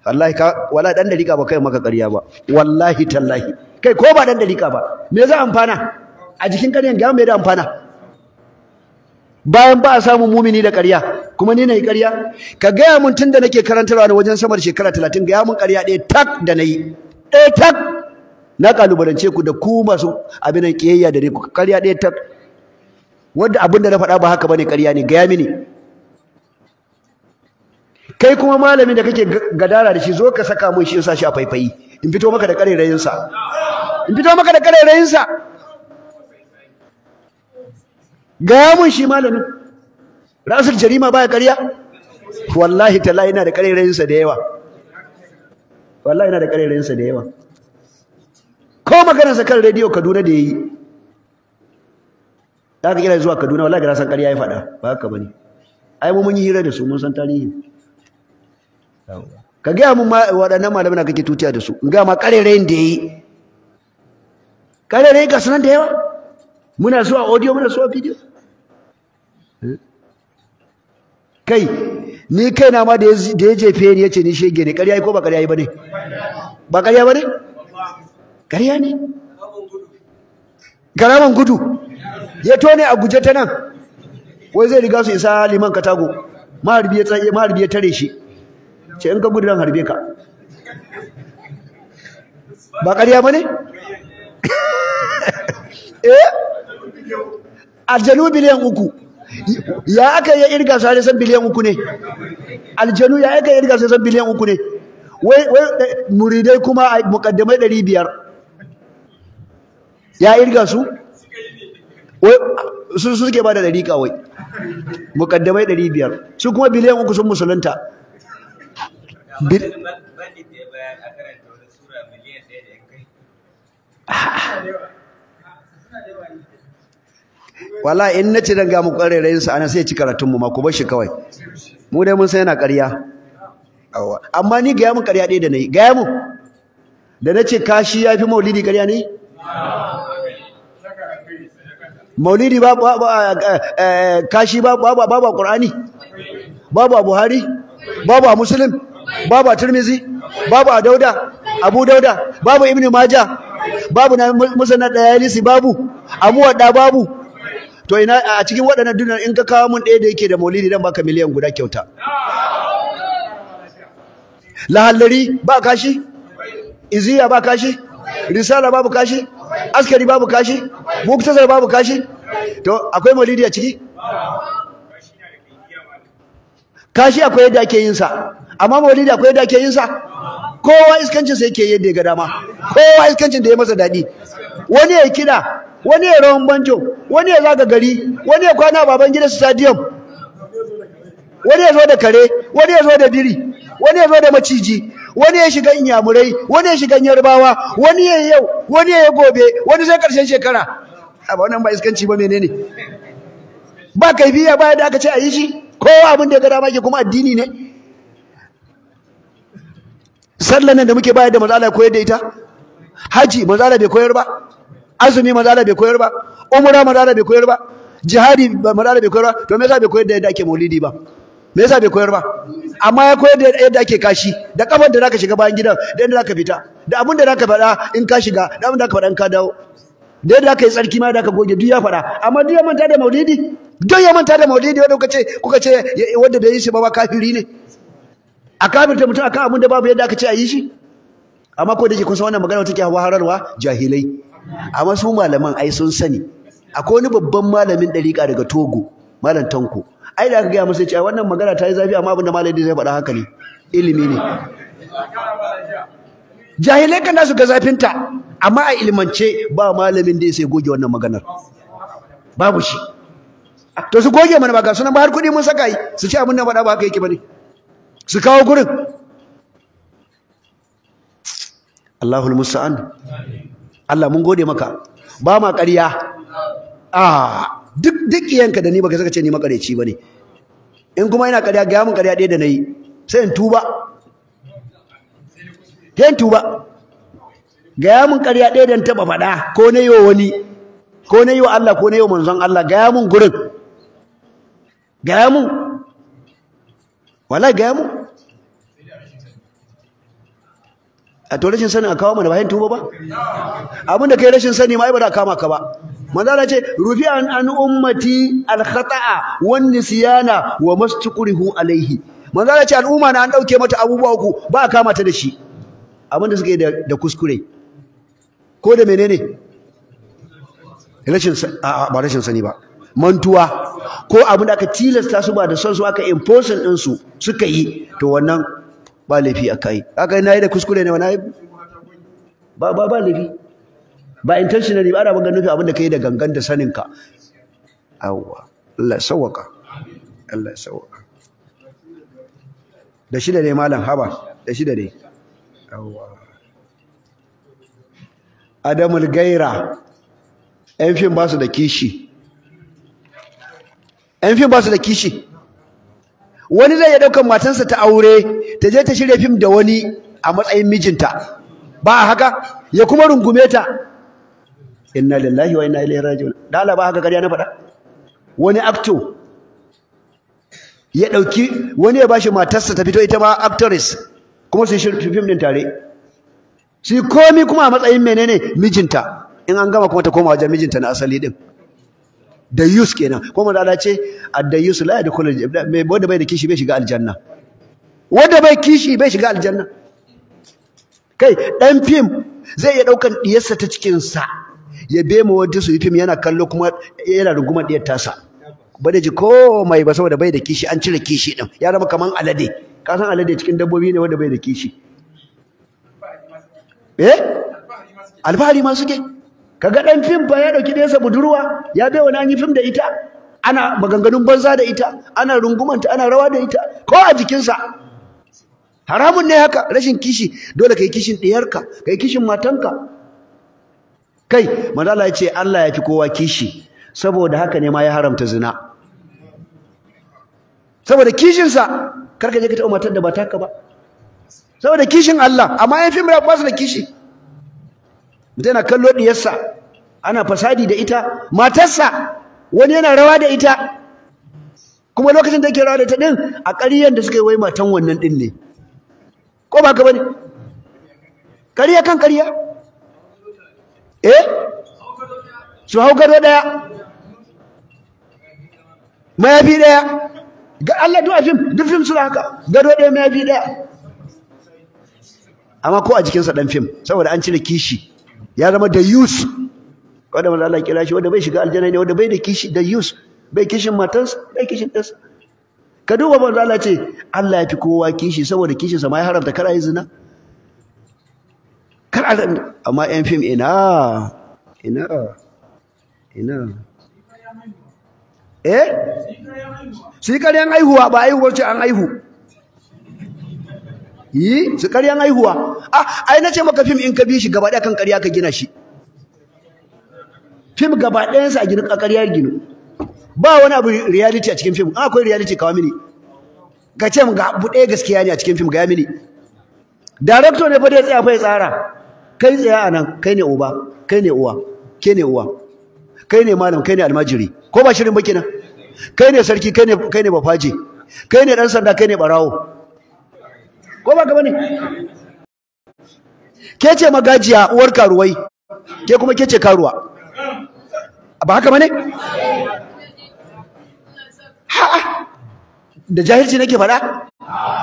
wallahi ka wala dan dariƙa ba kai maka ƙarya ba wallahi tallahi kai ko ba dan dariƙa ba me za amfana a jikin ƙaryan ga me da amfana bayan ba a samu mumini da ƙarya kuma ni nayi ƙarya ka gaya mun tun da nake karantarwa ne wajen samar shekara talatin gaya mun ƙarya ɗaya tak da na yi ɗaya tak na kalubalance ku da ku masu abin ƙiyayya da ne ku ƙarya ɗaya tak wanda abin da na faɗa ba haka bane ƙarya ne gaya mini kai kuma malamin da kake gadara da shi zo ka saka mun shi yasa sa shi a faifayi in fito maka da karerayin in fito maka da karerayin gaya mun shi malamin rasul jarima baya ƙarya wallahi talla yana da karerayin da yawa wallahi yana da karerayin da yawa ko maganarsa sa kan radio Kaduna da yayi da ka kira zuwa Kaduna wallahi ga san ƙarya ya faɗa ba haka bane ai mu mun yi hira da su mun san tarihi ka gaya mun waɗannan malamai na kake tutiya da su in gaya ma ƙarerayin da ya yi ƙarerayi ga sunan da yawa muna zuwa audio muna zuwa video kai ni kai na ma da ya jefe ni ya ce ni shege ne ƙarya ko ba ƙarya ba ne ba ƙarya ba ne ƙarya ne garaman gudu ya tone a guje ta nan wai zai riga su isa liman katago maharbi ya tare shi ce in ka gudu nan harbe ka ba ƙarya ba ne? [laughs] eh aljanu biliyan uku ya aka yi irga su hada san biliyan uku ne aljanu ya aka yi irga su san biliyan uku ne wai eh, muridai kuma a mukaddamai ɗari biyar ya irga su wai su suke ba da ɗari kawai mukaddamai ɗari biyar su kuma biliyan uku sun musulunta bil wala in na dan danga mu kwarerayin sa ana sai ci karatun mu ma ku bar shi kawai mu dai mun san yana ƙarya amma ni ga mu ƙarya ɗaya da nayi ga mu da nace kashi yafi maulidi ƙarya ne maulidi babu eh, eh, kashi babu babu babu qur'ani babu buhari babu muslim babu a turmizi, babu a dauda abu dauda babu ibn maja babu na musannad da lisi babu abu wadda babu to ina a cikin waɗannan dunan in ka kawo mun ɗaya da yake da maulidi dan baka miliyan guda kyauta lahallari ba kashi iziya ba kashi risala babu kashi askari babu kashi muktasar babu kashi to akwai maulidi a ciki kashi akwai yadda ake yin sa amma maulidi akwai yadda ake yin sa kowa iskancin sa yake yadda ya ga dama kowa iskancin da ya masa daɗi wani ya kida wani ya rawan banjo wani ya zaga gari wani ya kwana baban gida stadium wani ya zo da kare wani ya zo da biri wani ya zo da maciji wani ya shiga inyamurai wani ya shiga yarbawa wani ya yau wani ya gobe wani sai karshen shekara a wannan ba iskanci ba menene ba kaifiya ba da aka ce a yi shi kowa abin da ya ga dama ke kuma addini ne sallan nan da muke bayar da mazala koyar da ita haji mazala bai koyar ba azumi mazala bai koyar ba umra mazala bai koyar ba jihadi mazala bai koyar ba to me yasa bai koyar da yadda ake maulidi ba me yasa bai koyar ba amma ya koyar da yadda ake kashi da kafar da zaka shiga bayan gidan da inda zaka fita da abin da zaka faɗa in ka shiga da abin da zaka faɗa in ka dawo da yadda aka yi tsarki ma da aka goge duk ya faɗa amma duk ya manta da maulidi don ya manta da maulidi wanda kuka ce kuka ce wanda bai yi shi ba ba kafiri ne a kafirta mutum akan abin da babu yadda aka ce a yi shi amma ko da ke kusa wannan magana take hararwa jahilai amma su malaman ai sun sani akwai wani babban malamin ɗariƙa daga Togo malam Tanko ai da aka gaya masa A wannan magana ta yi zafi amma abin da malamin zai faɗa haka ne ilimi ne jahilai kan nasu ga zafinta amma a ilmance ba malamin da ya sai goge wannan maganar babu shi to su goge mana ba sunan ba har kuɗi mun saka yi su ce abin da ba haka yake bane su kawo gurin Allahul musta'an Allah mun gode maka ba ma ƙarya ah duk duk da ni baka saka ce ni makareci bane in kuma ina ƙarya ga mun ƙarya ɗaya da nayi sai in tuba sai in tuba gaya mun ƙarya ɗaya dan taɓa faɗa ko na yi wa wani ko na yi wa Allah ko na yi wa manzon Allah gaya mun gurin gaya mun wala gaya mun a to rashin sani a kawo mana bayan tuba ba abinda kai rashin sani ma ai ba da kama ka ba manzo Allah ce rufi an an ummati al khata'a wa nisyana wa mastuqrihu alaihi manzo Allah ce al'umma na an dauke mata abubuwa uku ba kama ta da shi abinda suke da kuskure ko da menene rashin ba rashin sani ba mantuwa ko abin da aka tilasta su ba da son su aka imposing din su suka yi to wannan ba laifi aka yi aka na yi da kuskure ne wani ba ba ba laifi ba intentionally ba ana ban ganin abin da kai da gangan da sanin ka awwa Allah ya sawaka Allah ya sawaka da shida ne malam haba da shida ne awwa adamul gaira yan fim ba su da kishi yan fim ba su da kishi wani zai ya ɗaukan matansa ta aure ta je ta shirya fim da wani a matsayin mijinta ba haka ya kuma rungume ta inna lillahi wa inna ilaihi raji'un ala ba haka ƙarya na faɗa wani acto ya ɗauki wani ya bashi matarsa ta fito ita ma actress kuma su shirya fim ɗin tare shi komi kuma a matsayin menene mijinta in an gama kuma ta koma wajen mijinta na asali din dayus kenan kuma da ce addayus la da mai wanda bai da kishi bai shiga aljanna wanda bai kishi bai shiga aljanna kai dan fim zai iya daukan diyarsa ta cikin sa ya be mu wanda su fim yana kallo kuma yana rungumar diyar tasa ba da ji komai ba saboda bai da kishi an cire kishi din ya zama kaman alade ka san alade cikin dabbobi ne wanda bai da kishi eh alfahari ma suke kaga ɗan fim ba ya dauki sa budurwa ya bai wani an yi fim da ita ana maganganun banza da ita ana rungumanta ana rawa da ita ko a jikinsa haramun ne haka rashin kishi dole kai kishin ɗiyarka kai kishin matanka kai manzala ya ce Allah ya fi kowa kishi saboda haka ne ma ya haramta zina saboda kishinsa karka je ka taɓa matar da ba taka ba saboda kishin Allah amma yan fim mura basu da kishi mutum yana kallo diyarsa ana fasadi da ita matarsa wani yana rawa da ita kuma lokacin da ke rawa da ta din a ƙariyar da suka yi wai matan wannan din ne ko ba ka bane Ƙariya kan ƙariya? eh su hau gado ɗaya mayafi ɗaya ga Allah duk a fim duk fim suna haka gado ɗaya mayafi ɗaya amma ko a jikinsa dan fim saboda an cire kishi ya zama da yus wanda manzo Allah kira shi wanda bai shiga aljanna ne wanda bai da kishi da yus bai kishin matarsa bai kishin ɗansa ka duba maza Allah ce Allah ya fi kowa kishi saboda kishinsa ma ya haramta kar a yi zina kar a amma yan fim ina ina ina eh su yi aihuwa ba aihuwar ce an aihu yi eh, su ƙaryan haihuwa a ah, ai na ce maka fim in ka bi shi gaba ɗaya kan ƙarya ka gina shi fim gaba ɗayansa a gina ƙarya gino ba wani abu reality a cikin fim an akwai reality kawai mini ka ce ga abu ɗaya gaskiya ne a cikin fim ga mini director ne fa dai tsaya fa ya tsara kai tsaya a nan kai ne uba kai ne uwa ke ne uwa kai ne malam kai ne almajiri ko ba shirin ba kenan kai ne sarki kai ne kai ne bafaje kai ne dan sanda kai ne barawo ko ba gaba ne ke ce magajiya uwar karuwai ke kuma ke ce karuwa ba haka bane ha da jahilci nake faɗa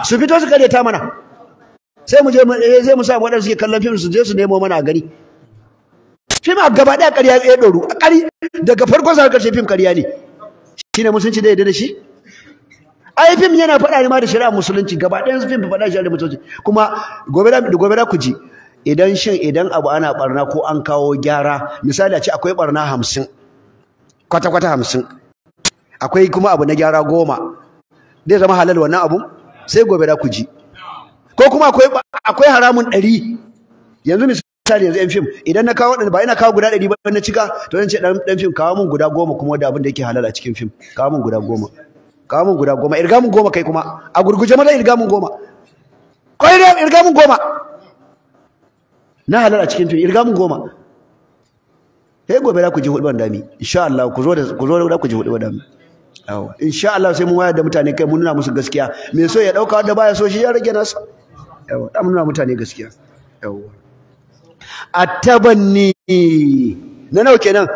su fito su ta mana sai mu je eh, sai mu sa waɗanda suke kallon fim su je su nemo mana a gani fim a gaba ɗaya ƙarya ya ɗoru daga farkon sa ƙarshe fim ƙarya ne shine musulunci da yadda da shi ai yana faɗa ne ma da shari'a musulunci gaba ɗayan fim faɗa shari'a musulunci kuma gobe da gobe da ku ji idan shin idan abu ana barna ko an kawo gyara misali a ce akwai barna hamsin kwata kwata hamsin akwai kuma abu na gyara goma zai zama halal wannan abu sai gobe da ku ji ko kuma akwai akwai haramun ɗari yanzu misali yanzu yan fim idan na kawo ba ina kawo guda ɗari ba na cika to zan ce ɗan fim kawo mun guda goma kuma da abin da yake halal a cikin fim kawo mun guda goma kawo mun guda goma irgamun mun goma kai kuma a gurguje mana irgamun mun goma kai da irgamun mun goma na halar a cikin tun irgamun mun goma sai gobe da ku ji hudu dami insha Allah ku zo da ku zo da ku ji hudu dami yawa insha Allah sai mun wayar da mutane kai mun nuna musu gaskiya me so ya dauka wanda baya so shi ya rage nasa yawa da mun nuna mutane gaskiya yawa atabanni na nawa kenan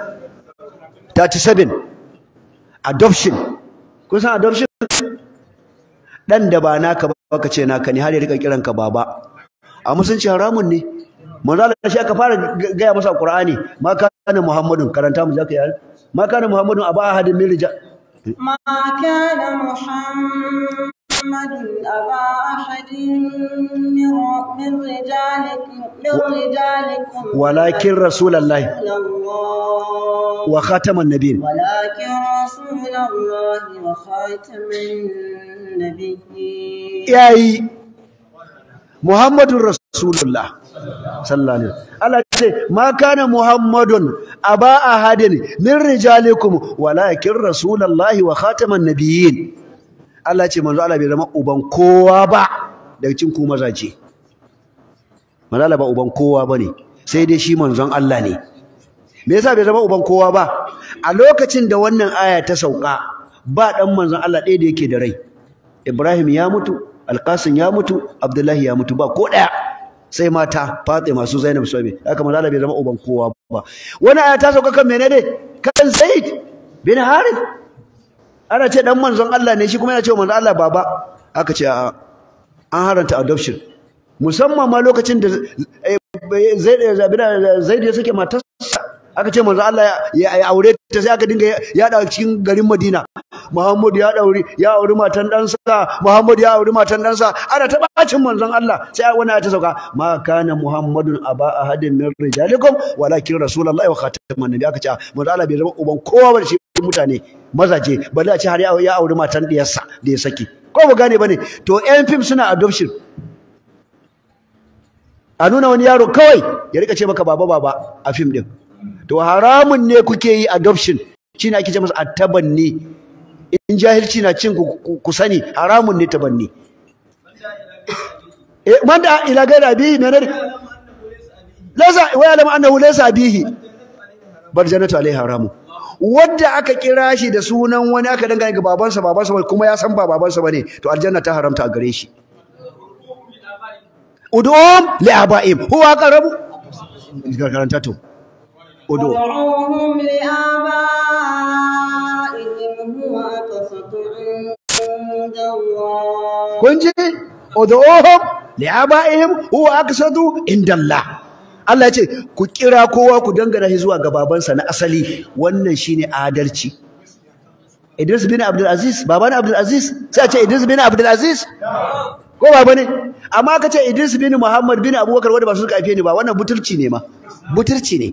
37 adoption kun san adoption dan da ba naka ba ka ce naka ne har ya rika kiran ka baba a musulunci haramun ne manzo Allah shi aka fara gaya masa Qur'ani ma kana Muhammadun karanta mu zaka yi ma kana Muhammadun aba ahadin min rijal ما كان محمد محمد أبا أحد من من رجالكم من رجالكم ولكن رسول الله وخاتم النبيين ولكن رسول الله وخاتم النبيين ياي محمد رسول الله صلى الله عليه وسلم Allah ce ma kana Muhammadun aba ahadin min rijalikum walakin rasulullahi wa khataman nabiyyin Allah ce manzo Allah bai zama uban kowa ba daga cikin ku ce. manzo Allah ba uban kowa bane sai dai shi manzon Allah ne me yasa bai zama uban kowa ba a lokacin da wannan aya ta sauka ba dan manzon Allah ɗaya da yake da rai Ibrahim ya mutu Alƙasim ya mutu Abdullahi ya mutu ba ko ɗaya sai mata Fatima su Zainab su Abi haka manzo Allah bai zama uban kowa ba Wani aya ta sauka kan menene kan Zaid bin Harith ana ce dan manzon Allah ne shi kuma yana ce manzon Allah baba aka ce a'a an haranta adoption musamman ma lokacin da eh, eh, Zaid ya sake matarsa aka ce manzon Allah ya aure ta sai aka dinga da cikin garin Madina Muhammad ya dauri ya auri matan dansa Muhammad ya aure matan sa ana ta bacin manzon Allah sai wani ta sauka ma kana Muhammadun aba ahadin min rijalikum walakin rasulullahi wa khataman nabi aka ce manzon Allah bai zama uban kowa ba shi cikin mutane mazaje balla ce har ya auri matan diyarsa da ya saki ko ba gane bane to yan fim suna adoption a nuna wani yaro kawai ya rika ce maka baba baba a fim din to haramun ne kuke yi adoption ne ake ce masa attabanni in jahilci na cin ku sani haramun ne tabanni eh, man da ila gaira ne ne? Laza, wa alama annahu laysa bihi bar jannatu alaihi haramun wanda aka kira shi da sunan wani aka dangane ga babansa babansa kuma ya san ba babansa bane to aljanna ta haramta gare shi udum li abaim huwa qarabu karanta to udum li abaim huwa aqsatu inda Allah kun udum li abaim huwa aqsatu inda Allah Allah ya ce ku kira kowa ku dangana shi zuwa ga babansa na asali wannan shine adalci Idris bin Abdul Aziz baba ne Abdul Aziz sai a ce Idris bin Abdul Aziz ko baba ne amma ka ce Idris bin Muhammad bin Abubakar wanda ba su suka haife ni ba wannan butulci ne ma butulci ne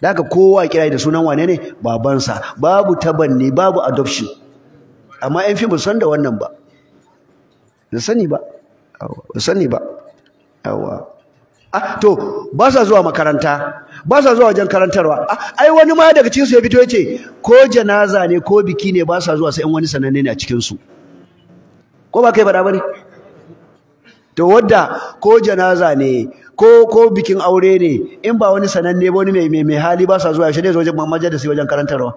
daga kowa kira da sunan wane ne babansa babu tabanni babu adoption amma yan fi san da wannan ba da sani ba sani ba yawa ah to ba sa zuwa makaranta ba sa zuwa wajen karantarwa ah, ai wani ma daga cikin su ya fito yace ko janaza ne ko biki ne ba sa zuwa sai in wani sananne ne a cikin su ko ba kai faɗa ne. to wadda ko janaza ne ko ko bikin aure ne in ba wani sananne ba wani mai mai hali ba sa zuwa shi ne zo wajen su wajen karantarwa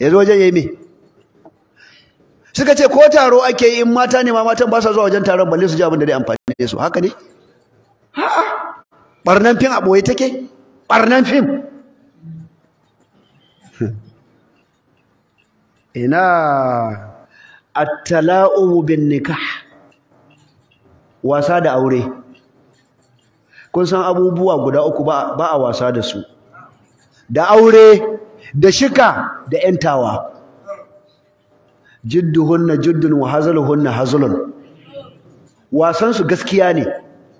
ya zo wajen yayi me suka ce ko taro ake yi in mata ne ma matan ba sa zuwa wajen taron balle su ji abin da dai amfani su haka ne Ha'a ɓarnan fim a ɓoye take? Ɓarnan fim? [laughs] Ina, attala'ubu bin nikah, wasa da aure. Kun san abubuwa guda uku ba a wasa da su. Da aure, da shika, da ‘yantawa. hunna jiddun wa hunna hazalun. Wasansu gaskiya ne.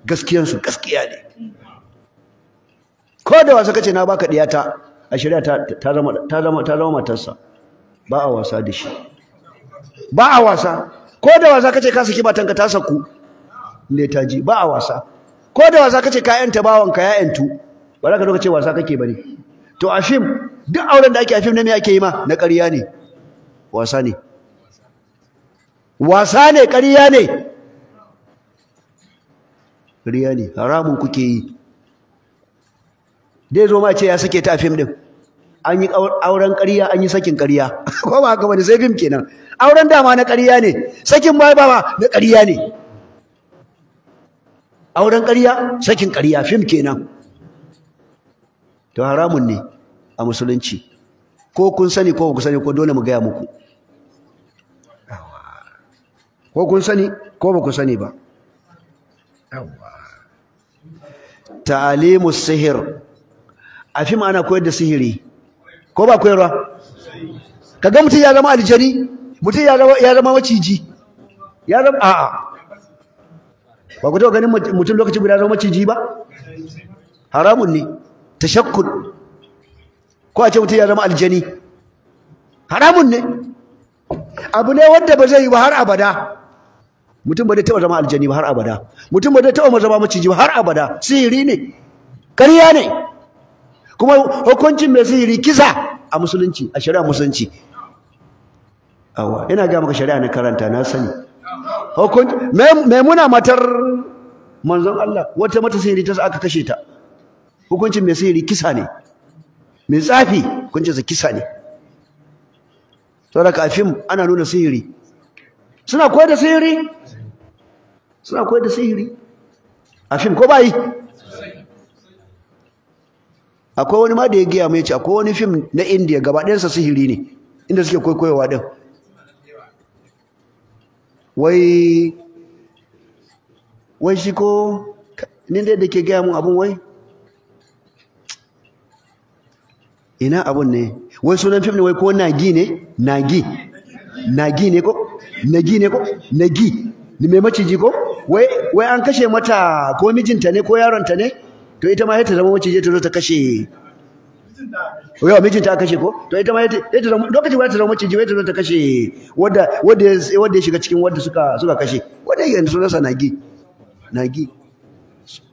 gaskiyansu gaskiya ne ko da wasa kace na baka diyata a shari'a ta zama ta zama ta zama matarsa ba a wasa da shi ba a wasa ko da wasa kace ka saki batanka ta saku ne ta ji ba a wasa ko da wasa kace ka yanta bawanka ya yantu ba za ka doka ce wasa kake bane to a duk auren da ake a fim ne me ake yi ma na ƙarya ne wasa ne wasa ne ƙarya ne riya ne haramun kuke yi dai zo ma ce ya sake ta fim din an yi auren ƙarya an yi sakin ƙarya [laughs] ko ba haka bane sai fim kenan auren dama na ƙarya ne sakin ba ba na ƙarya ne auren ƙarya sakin ƙarya fim kenan to haramun ne a musulunci ko kun sani ko ku sani ko dole mu gaya muku ko kun sani ko ba ku sani ba yawa ta'alimu sihir a fi ana koyar da sihiri ko ba koyarwa Ka ga mutum ya zama aljani mutum ya zama maciji ya zama a'a ba ku taɓa ganin mutum lokacin guda zama maciji ba haramun ne tashakkul ko a ce mutum ya zama aljani haramun ne abu ne wanda ba zai yi ba har abada mutum ba zai taɓa zama aljani ba har abada mutum ba zai taɓa zama maciji ba har abada sihiri ne ƙarya ne kuma hukuncin mai sihiri kisa a musulunci a shari'a musulunci awa ina ga maka shari'a na karanta na sani mai muna matar manzon Allah wata mata sihiri ta aka kashe ta hukuncin mai sihiri kisa ne mai tsafi hukuncinsa kisa ne saboda ka a fim ana nuna sihiri suna koyar da sihiri suna koyar da sihiri a fim ko bayi akwai wani ma da ya giya mai ce akwai wani fim na indiya gabaɗinsa sihiri ne inda suke kwaikwayowa ɗin wai wai shi ko ni dai da ke gaya mun abin wai ina abun ne wai sunan fim ne wai ko nagi ne nagi nagi ne ko nagi ne ko nagi ne mai maciji ko wai an kashe mata ko mijinta ne ko yaronta ne to ita ma sai ta zama mace ta zo ta kashe mijinta a kashe ko to ita ma sai ta zama lokacin wata ta zama mace ta zo ta kashe wadda ya shiga cikin wadda suka kashe wadda ya yanzu sunansa nagi nagi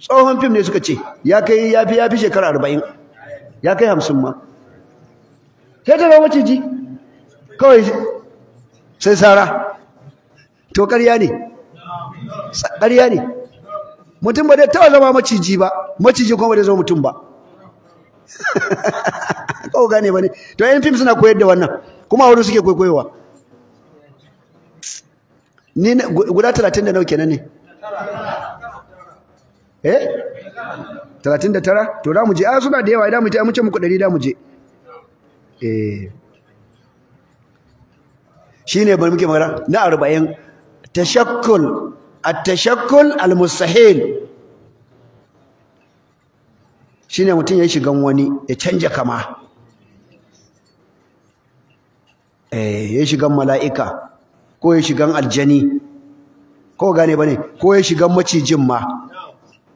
tsohon fim ne suka ce ya kai ya fi ya fi shekara arba'in ya kai hamsin ma sai ta zama maciji kawai sai sara to ya ne ƙarya ne mutum ba zai taɓa zama maciji ba maciji kuma ba zai zama mutum ba [laughs] ko gane ba ne to yan fim suna koyar da wannan kuma wurin suke koyowa ni guda talatin da nawa kenan ne eh talatin da tara to da mu je a ah, suna da yawa idan mu je mu muce muku ɗari da mu je eh shine bari muke magana na arba'in tashakkul at-tashakkul al-mustahil shine mutum ya shigan wani ya canja kama eh ya shigan mala'ika ko ya shigan aljani ko gane bane ko ya shigan macijin ma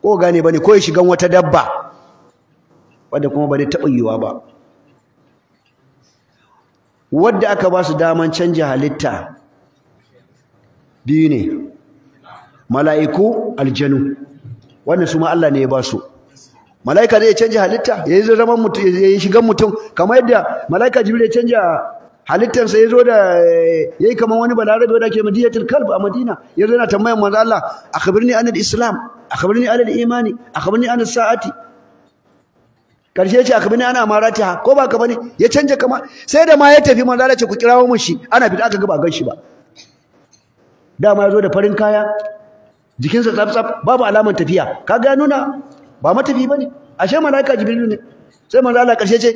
ko gane bane ko ya shigan wata dabba wadda kuma ba da taɓa yiwa ba wadda aka ba su daman canja halitta biyu ne mala'iku aljanu wannan su ma Allah ne ya ba su malaika zai canja halitta ya zo zaman mutum ya shigan mutum kamar yadda malaika jibril ya canja halittarsa ya zo da eh, yayi kamar wani balarabe wanda ke madiyatul kalb a madina ya zo yana tambayan manzo Allah akhbirni al islam akhbirni al imani akhbirni as sa'ati karshe ce akhbirni ana maratiha ko ba ka bane ya canja kama sai da ma ya tafi manzo Allah ce ku kirawo mun shi ana bi aka ga ba gan shi ba dama ya zo da farin kaya jikinsa tsaf-tsaf babu alaman tafiya ka ga nuna ba matafi bane ashe malaika jibrilu ne sai manzo Allah karshe ce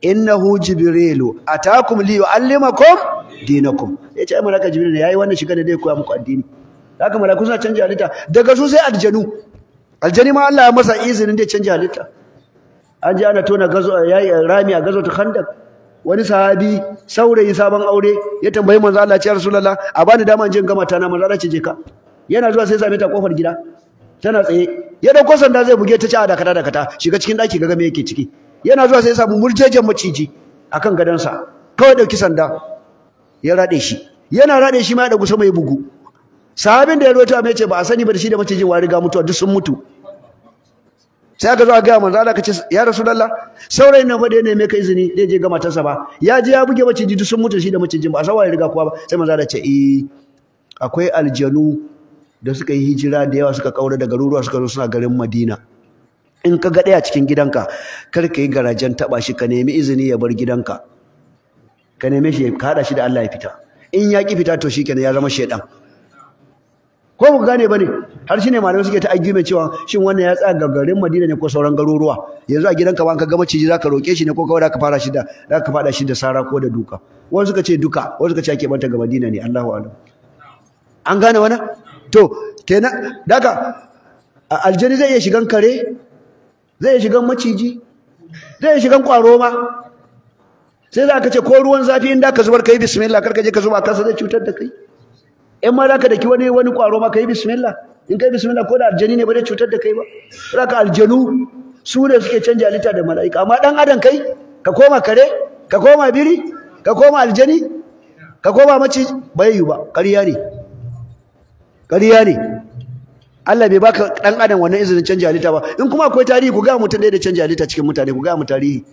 innahu jibrilu atakum li yuallimakum dinakum ya ce malaika jibrilu yayi wannan shiga da dai koya muku addini haka malaiku suna canja halitta daga su sai aljanu aljani ma Allah ya masa izinin da canja halitta an ji ana tona gazo yayi rami a gazo ta khandak wani sahabi saurayi sabon aure ya tambayi manzo Allah ya ce rasulullah a bani dama in je gama ta na manzo Allah ce je ka yana zuwa sai zame ta kofar gida tana tsaye ya dauko sanda zai buge ta ci a dakata dakata shiga cikin daki ga me yake ciki yana zuwa sai samu murjejen maciji akan gadansa kawai dauki sanda ya rade shi yana rade shi ma da gusa mai bugu sahabin da ya rota mai ce ba a sani ba da shi da macijin wa riga mutuwa duk sun mutu sai aka zo a gaya manzo Allah kace ya rasulullah saurayin nan fa ne mai kai izini zai je ga matarsa ba ya je ya buge maciji duk sun mutu shi da macijin ba a san wa riga kuwa ba sai manzo Allah ce eh akwai aljanu da suka yi hijira da yawa suka kaura da garuruwa suka zo suna garin Madina in ka ga ɗaya cikin gidanka kar ka yi garajen taɓa shi ka nemi izini ya bar gidanka ka neme shi ka haɗa shi da Allah ya fita in ya ƙi fita to shi kenan ya zama shaiɗan ko ku gane ba ne har shi ne malamai suke ta mai cewa shin wannan ya tsaya ga garin Madina ne ko sauran garuruwa yanzu a gidanka ba ka ga maciji zaka roke shi ne ko kawai ka fara shi da zaka fada shi da sara ko da duka wani suka ce duka wani suka ce ake banta ga Madina ne Allahu a'lam an gane wannan to kenan daga aljani zai iya shigan kare zai iya shigan maciji zai iya shigan kwaro ma sai za ka ce ko ruwan zafi inda ka zubar kai bismillah kar ka je ka zuba kansa zai cutar da kai in ma za ka daki wani wani kwaro ma yi bismillah in kai bismillah ko da aljani ne ba zai cutar da kai ba za ka aljanu su ne suke canja halitta da mala'ika amma dan adam kai ka koma kare ka koma biri ka koma aljani ka koma maci bai yi ba ƙarya ne Ƙariya ne Allah bai baka ɗan adam wannan izinin canji halitta ba in kuma akwai tarihi ku ga mutum da ya canji halitta cikin mutane ku ga mu tarihi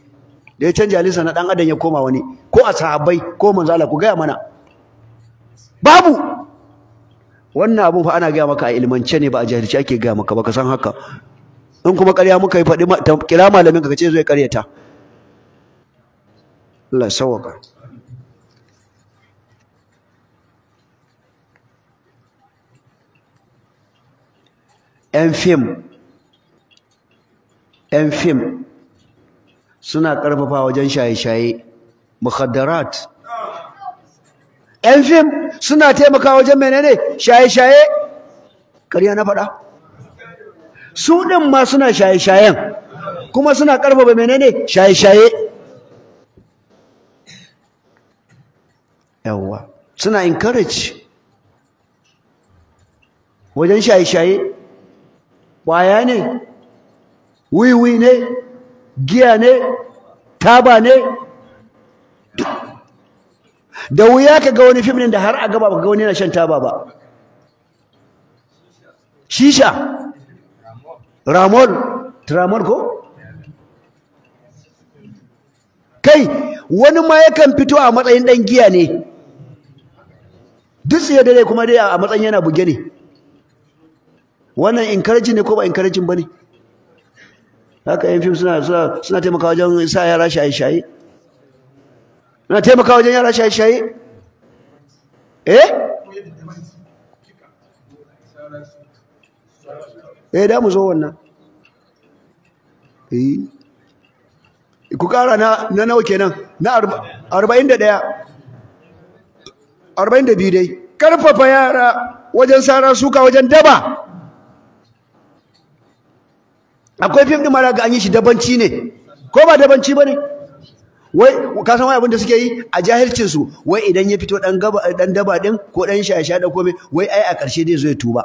da ya canji halitta na ɗan adam ya koma wani ko a sahabbai ko manzala ku gaya mana babu wannan abun fa ana gaya maka a ilmance ne ba a jahilci ake gaya maka ba ka san haka in kuma ƙarya muka yi faɗi kira malamin ka ce zai ƙaryata Allah sawaka 'yan fim ‘yan fim suna ƙarfafa wajen shaye-shaye mukhaddarat ‘yan fim suna taimaka wajen menene shaye-shaye ƙarya na faɗa su ɗin ma suna shaye-shayen kuma suna ƙarfafa menene shaye-shaye yawwa suna encourage wajen shaye-shaye ƙwaya ne wiwi ne giya ne taba ne da wuya ka ga wani fim da har a gaba ga wani yana shan taba ba shisha ramon tramon ko kai wani ma yakan fito a matsayin dan giya ne duk tsaye da dai kuma dai a matsayin yana buge ne wannan encouraging ne ko ba encouraging ba ne haka yan fim suna taimaka taimakawa wajen sa yara shaye-shaye suna taimakawa wajen yara shaye-shaye eh eh da mu zo wannan eh ku kara na na nawa kenan na 41 42 dai karfafa yara wajen sara suka wajen daba akwai fim din mara ga an yi shi dabanci ne ko ba dabanci ba ne? wai ka san wai abin da suke yi a jahilcin su wai idan ya fito dan gaba dan daba din ko dan shasha da komai wai ai a ƙarshe dai zai tuba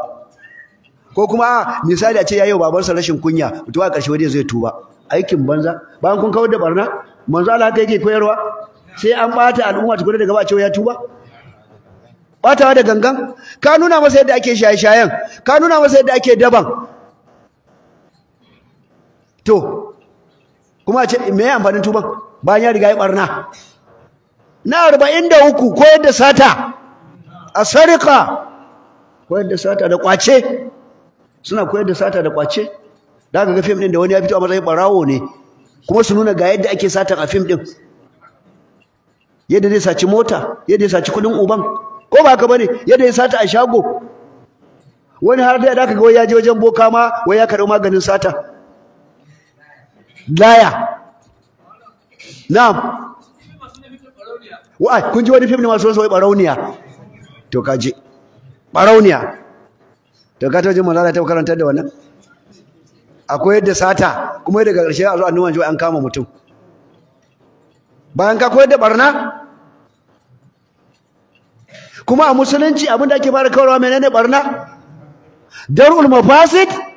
ko kuma misali a ce yayi babansa rashin kunya to a ƙarshe dai zai tuba aikin banza bayan kun kawar da barna manzo Allah ta yake koyarwa sai an bata al'umma tukuna daga ba a ce ya tuba batawa da gangan ka nuna masa yadda ake shaye-shayen ka nuna masa yadda ake daban to kuma a ce me amfanin tuban bayan ya riga ya barna na arba'in da uku koyar da sata a sarika koyar da sata da kwace suna koyar da sata da kwace da aka ga fim din da wani ya fito a matsayin barawo ne kuma su nuna ga yadda ake satan a fim din yadda zai saci mota yadda zai saci kudin uban ko ba haka bane yadda ya sata a shago wani har da aka ga wai ya je wajen boka ma wai ya karɓi maganin sata laya na'am Wai, kun ji wani fim ne masu wai barauniya to ji. barauniya to ka taji mazala ta karantar da wannan akwai yadda sata kuma daga ƙarshe a zo annuwan jiwa an kama mutum bayan ka koyar da barna kuma a musulunci abinda ake fara kawarwa menene barna darul mafasid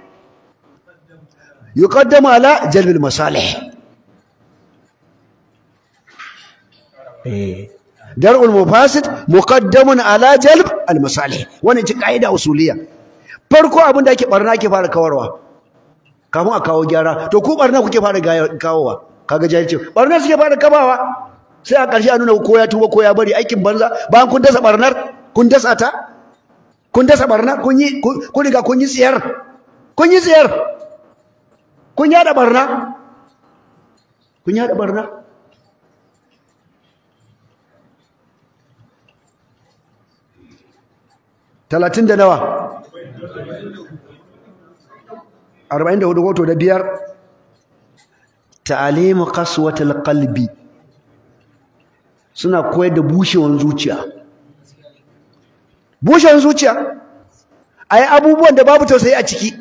yuqaddamu ala jalbil masalih eh dar'ul mufasid muqaddamun ala jalb al masalih wannan ce kaida usuliya farko abin da ake barna ake fara kawarwa kafin a kawo gyara to ku barna kuke fara kawowa kaga jahilci barna suke fara kabawa sai a ƙarshe a nuna ko ya tuba ko ya bari aikin banza bayan kun dasa barnar kun dasa ta kun dasa barnar kun yi kun yi tsiyar kun yi tsiyar kun yada barna kun yada barna talatin da nawa arba'in da hudu wato da biyar ta'alimu qaswatul qalbi suna koyar da bushewar zuciya bushewar zuciya ayi abubuwan da babu tausayi a ciki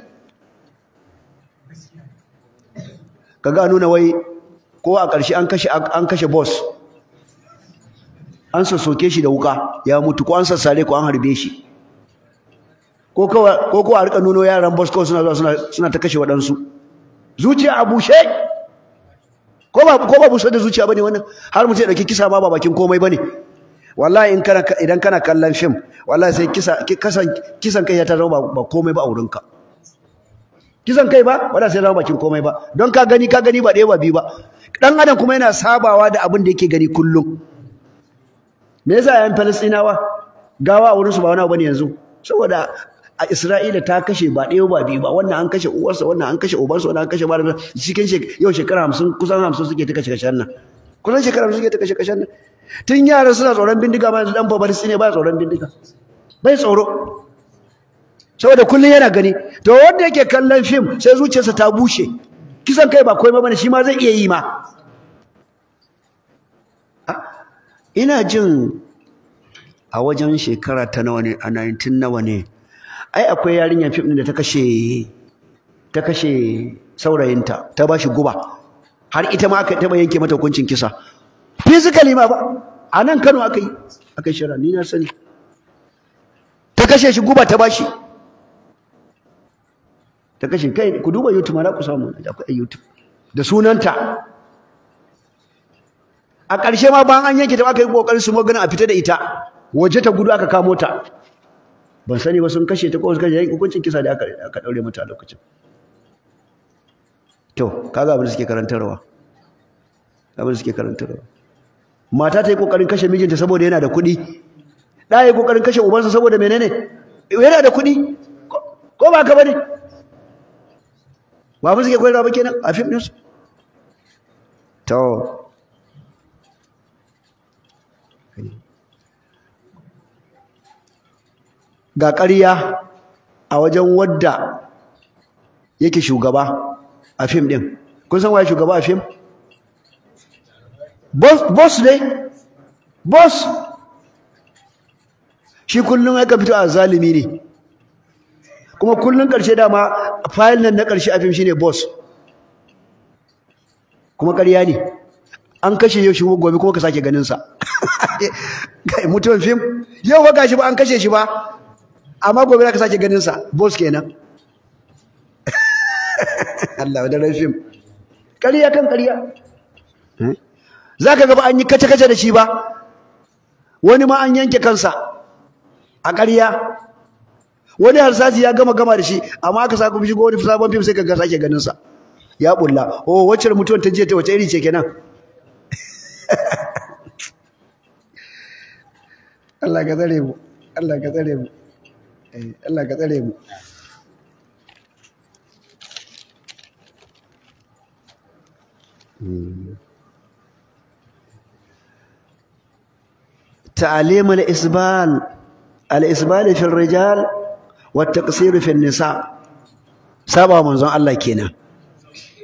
kaga nuna wai ko a ƙarshe an kashe an kashe boss an sassoke shi da wuka ya mutu ko an sassare ko an harbe shi ko kawai ko ko a rika nuno yaran boss ko suna zuwa suna ta kashe waɗansu zuciya a bushe ko ba ko ba busar da zuciya bane wannan har mu ya dauki kisa ma ba bakin komai bane wallahi in kana idan kana kallon film wallahi sai kisa kisan kisan kai ya ta zama ba komai ba a wurinka kisan kai ba wala sai zama bakin komai ba don ka gani ka gani ba ɗaya ba biyu ba dan adam kuma yana sabawa da abin da yake gani kullum me yasa yan falastinawa gawa a wurinsu ba wani abu ne yanzu saboda a Isra'ila ta kashe ba ɗaya ba biyu ba wannan an kashe uwarsa wannan an kashe ubansa wannan an kashe malamsa cikin yau shekara hamsin kusan hamsin suke ta kashe kashen nan kusan shekara hamsin suke ta kashe kashen nan tun yara suna tsoron bindiga ba yanzu dan babarisi ne ba tsoron bindiga bai tsoro saboda kullum yana gani to wanda yake kallon fim sai zuciyarsa ta bushe kisan kai ba komai bane shi ma zai iya yi ma ina jin a wajen shekara ta nawa ne a 19 nawa ne ai akwai yarinyar fim din da ta kashe ta kashe saurayinta ta bashi guba har ita ma aka taba yanke mata hukuncin kisa physically ma ba a nan Kano aka yi aka shara ni na sani ta kashe shi guba ta bashi ta kashin kai ku duba YouTube ma ku samu akwai YouTube da sunanta a ƙarshe ma ban an yanke ta aka yi kokarin su magana a fita da ita waje ta gudu aka kamo ta ban sani ba sun kashe ta ko sun kashe hukuncin kisa da aka daure mata a lokacin to kaga abin da suke karantarwa abin da suke karantarwa mata ta yi kokarin kashe mijinta saboda yana da kuɗi Da ya yi kokarin kashe ubansa saboda menene yana da kuɗi ko ba ka bane ba abin suke koyarwa ba kenan a fim ɗinsu to ga ƙarya a wajen wadda yake shugaba a fim ɗin kun san waye shugaba a fim boss ne boss shi kullum aka fito a zalimi ne kuma kullun karshe dama file nan na karshe a fim shine boss kuma ƙarya ne an kashe yau shi gobe kuma ka sake ganin sa [laughs] fim yau ba gashi ba an kashe shi ba amma gobe za ka sake ganin sa boss kenan [laughs] Allah wadan fim. ƙarya kan ƙarya hmm? ka ga ba an yi kace kace da shi ba wani ma an yanke kansa a ƙarya wani harsashi ya gama gama da shi amma aka saka shi wani sabon fim sai ka ga sake ganin sa ya bulla oh wacce mutuwan ta jiya ta wace iri ce kenan [laughs] Allah ka tsare mu Allah ka tsare mu eh, Allah ka tsare mu تعليم الإسبال الإسبال في الرجال والتقصير fin nisa, saba manzon Allah kenan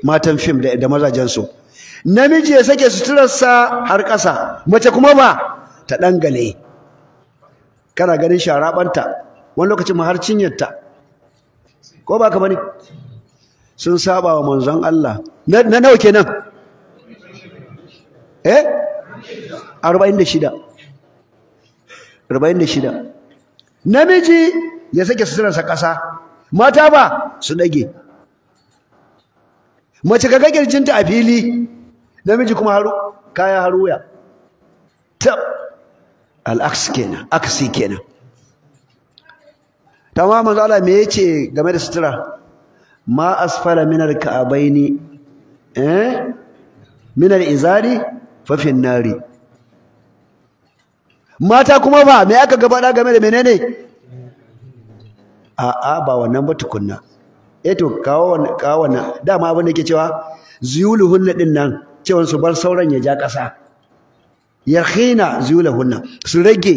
matan fim da, da mazajen su namiji ya sake suturarsa har ƙasa mace kuma ba ta dangale kana ganin sharabanta wani lokacin ma har cinyarta ko ba ka bane sun saba wa manzon Allah na, na nawa kenan eh 46 46 namiji ya sake suturarsa ƙasa mata ba su ɗage mace ka kirjinta a fili namiji kuma haru kayan haruya tab al'aks kenan aksi kenan tamam manzo Allah me yace game da sutura ma asfala min al-ka'baini eh min al-izari fa fi nari mata kuma ba me aka gabada game da menene a'a ba wannan ba tukunna eh to kawo kawo na dama abin da yake cewa ziyuluhunna din nan cewa su bar sauran ya ja ƙasa yakhina nan su rage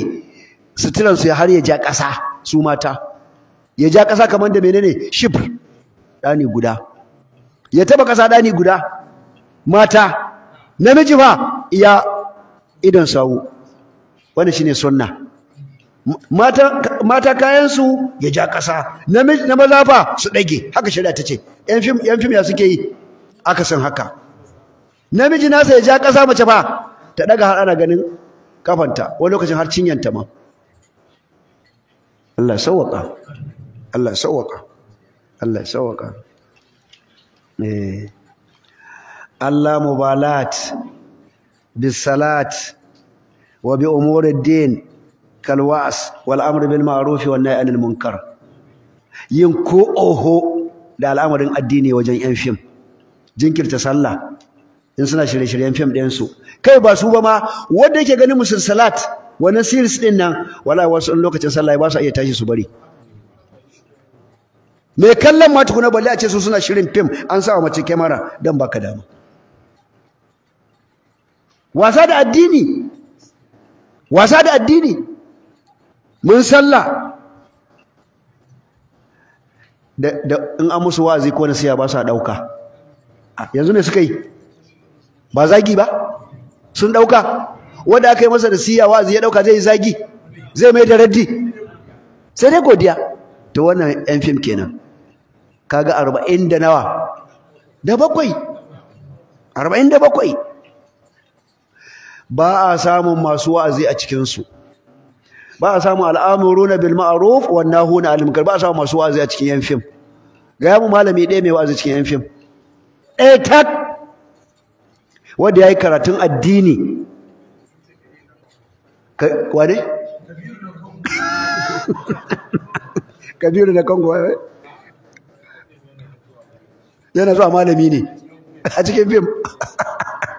tiran su har ya ja ƙasa su mata ya ja ƙasa kamar da menene shibr dani guda ya taba ƙasa dani guda mata namiji fa Ya idan sawu wannan shine sunna mata kayansu ya ja ƙasa na maza fa su ɗage haka shari'a ta ce yan fim ya suke yi aka san haka namiji nasa ya ja ƙasa mace fa ta ɗaga har ana ganin kafanta wani lokacin har cinyanta ma Allah sawaka Allah sawaka Allah sawaka eh Allah mubalat bisalat wa bi umuri din kalwas wal amru bil ma'ruf wan nahy anil munkar yin ko oho da al'amarin addini wajen yan fim jinkirta sallah in suna shirye-shiryen fim ɗin kai ba su ba ma wanda yake ganin salat wani series ɗin nan wala wasu in lokacin sallah ba su iya tashi su bari mai kallon ma tukuna balle a ce su suna shirin fim an sa mace kyamara don baka dama wasa da addini wasa da addini mun sallah da in an musu wa'azi ko nasiha ba su dauka yanzu ne suka yi ba zagi ba sun dauka wanda aka yi masa nasiha wa'azi ya dauka zai zagi zai mai da raddi sai dai godiya Ta wannan yan fim kenan kaga arba'in da nawa da bakwai arba'in da bakwai ba a samun masu wa'azi a cikinsu ba a samu al'amuruna bil ma'ruf wan nahuna 'anil munkar ba a samu masu wa'azi a cikin yan fim ga mu malami ɗaya mai wa'azi cikin yan fim ɗaya tak wanda yayi karatun addini Ka, wane [laughs] kabiru da kongo wai. Eh? yana zuwa malami ne a cikin fim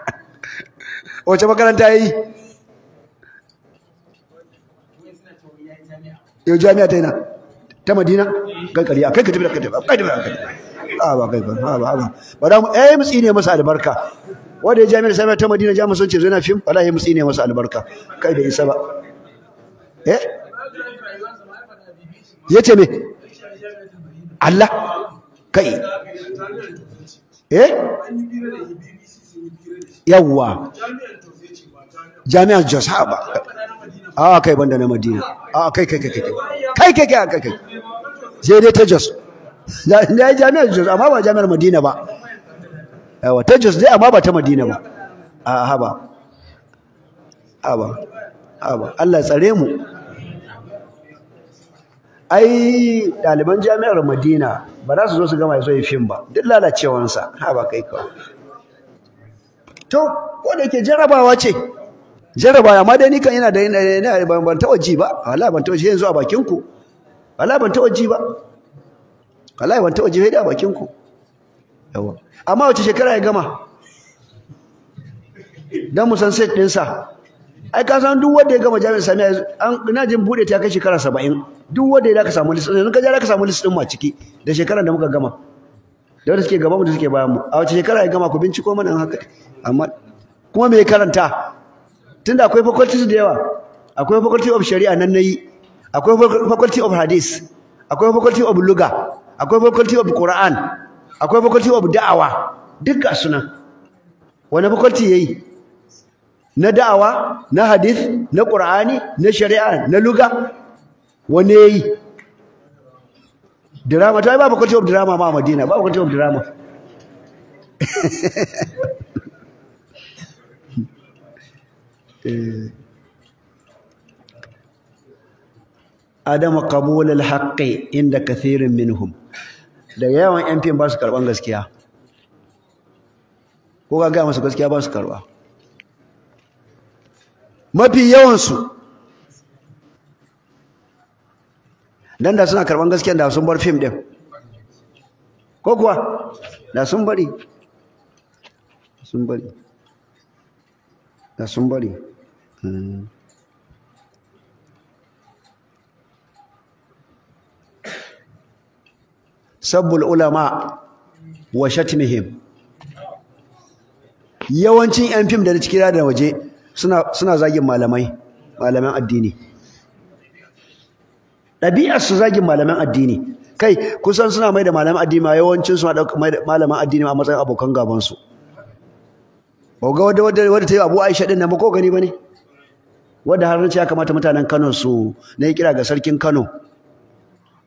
[laughs] wace makaranta ya yi yau jami'a ta yana ta madina gankari a kai ka tafi da kai tafi kai da kai a ba kai ba ba ba ba da mu eh mutsi ne masa albarka wanda ya jami'a sai ta madina jami'a sun ce zai na fim wallahi mutsi ne masa albarka kai da isa ba eh yace me Allah kai eh yawwa jami'a jos ha ba a kai banda na madina a kai kai kai kai kai kai kai kai kai sai dai ta jos da jami'ar jos amma ba jami'ar madina ba yawa ta jos dai amma ba ta madina ba a haba haba haba Allah tsare mu ai ɗaliban jami'ar madina ba za su zo su gama zo yi fim ba duk lalacewansa haba kai kawai to ko da yake jarabawa ce jaraba amma dai ni kan ina da ina ban taɓa ji ba wallahi ban taɓa ji yanzu a bakin ku wallahi ban taɓa ji ba wallahi ban taɓa ji sai da bakin ku yawa amma wace shekara ya gama dan musan san set din sa ai ka san duk wanda ya gama jami'in samiya an ina jin bude ta kai shekara 70 duk wanda ya ka samu list din ka ja ka samu list din ma ciki da shekaran da muka gama da wanda suke gaba mu da suke bayan mu a wace shekara ya gama ku binciko mana haka amma kuma me karanta tunda akwai faculties da yawa akwai faculty of shari'a nan nayi akwai faculty of hadith akwai faculty of luga akwai faculty of qur'an akwai faculty of da'awa duka sunan. wani faculty yayi na da'awa na hadith na qur'ani na shari'a na luga wani yayi drama ta ba faculty of drama ba Madina ba faculty of drama [laughs] Eh, adama qabulul haqqi inda kathirin minhum da yawan yan fim ba su karban gaskiya ko ga gaya musu gaskiya ba su karba mafi yawansu Dan da suna karban gaskiya da sun bar fim din ko kuwa da sun bari sun bari da sun bari Hmm. Sabbul ulama wa shatmihim yawancin yan fim da na cikin da waje suna suna zagin malamai malaman addini ɗabi'ar su zagin malaman addini kai kusan suna mai da malaman addini ma yawancin suna ɗauka mai da malaman addini ma a matsayin abokan gaban su ga wadda wadda ta yi abu aisha ɗin nan ba ko gani ba ne wadda har ya kamata mutanen Kano su na yi kira ga sarkin Kano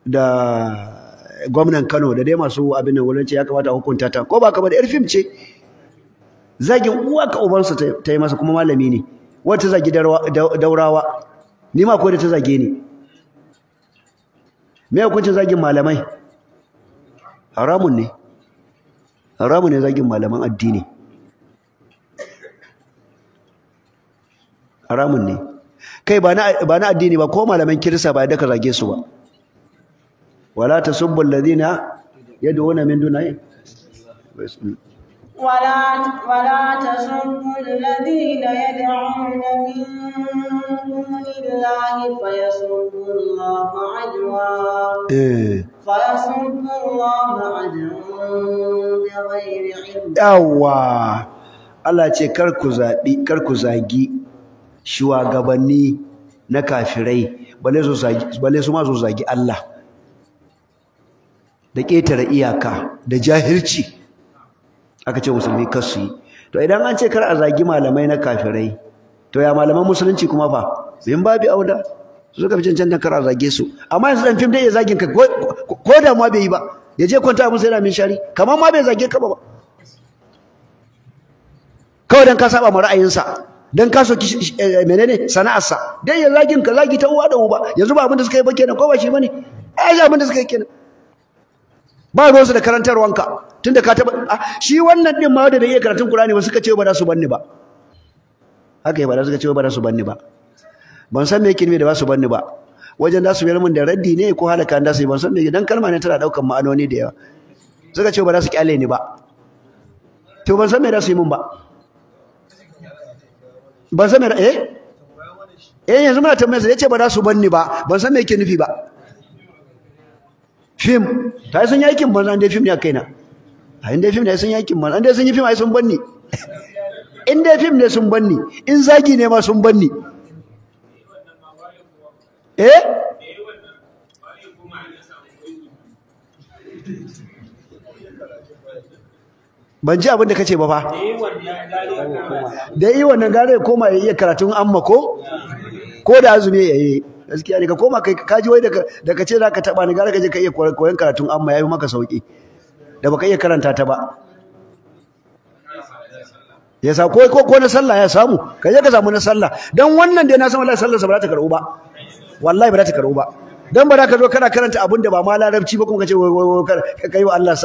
da gwamnan Kano da dai masu abin nan wurin ce ya kamata hukunta ta ko ba ka da yar fim ce zagin uwa ka ubansa ta yi masa kuma malami ne wata zagi daurawa ni ma akwai da ta zage ni me hukuncin zagin malamai haramun ne haramun ne zagin malaman addini haramun ne kai ba na addini ba ko malamin kirista ba ya daga rage su ba wala ta subbul ladina yadda wani min duna yi wala ta subbul ladina yadda wani min lillahi fa ya subbulla ba ajiwa eh. fa ya subbulla ba ajiwa ya yi. ilmi Allah ce karku zaɓi, karku zagi, shugabanni na kafirai balle su ma su zagi Allah da ƙetare iyaka da jahilci aka ce musulmi kar su yi to idan an ce kar a zagi malamai na kafirai to ya malaman musulunci kuma fa bin babi auda su suka fi cancanta kar a zage su amma yanzu dan fim da ya zagin ka ko da ma bai yi ba ya je kwanta musu yana min shari kamar ma bai zage ka ba kawai dan ka saba ma ra'ayinsa dan kaso soki eh, eh, menene sana'arsa dan ya lagin ka lagi ta uwa da uba yanzu ba abin da suka yi ba kenan ko ba shi bane ai abin da suka yi kenan ba su da karantarwanka tunda ka taba ah, shi wannan din ma da iya karatun Qur'ani ba suka ce ba za su banni ba haka ba za suka ce ba za su banni ba ban san me yake ne da ba su banni ba wajen da su yi mun da raddi ne ko halaka da su ban san me dan kalma ne tana daukan ma'anoni da yawa suka ce ba za su kyale ni ba to ban san me za su yi mun ba ban san mai eh eh yanzu muna tambayar sa yace ba za su banni ba ban san me yake nufi ba fim ta sun yi aikin banza dai fim ne a kaina a inda fim ne sun yi aikin banza dai sun yi fim ai sun banni [laughs] in dai fim ne sun banni in zagi ne ma sun banni eh ban ji abin da kace ba fa da yi wannan gare ya koma ya iya karatun amma ko ko da azumi ya yi gaskiya ne ka koma kai ka ji wai da ka ce za ka taɓa ni gare ka je ka iya koyon karatun amma ya yi maka sauƙi da baka iya karanta ta ba ya sa ko ko na sallah ya samu ka je ka samu na sallah dan wannan da na san wallahi sallar sa ba za ta karu ba wallahi ba za ta karu ba dan ba za ka zo kana karanta abin da ba ma larabci ba kuma ka ce kai wa Allah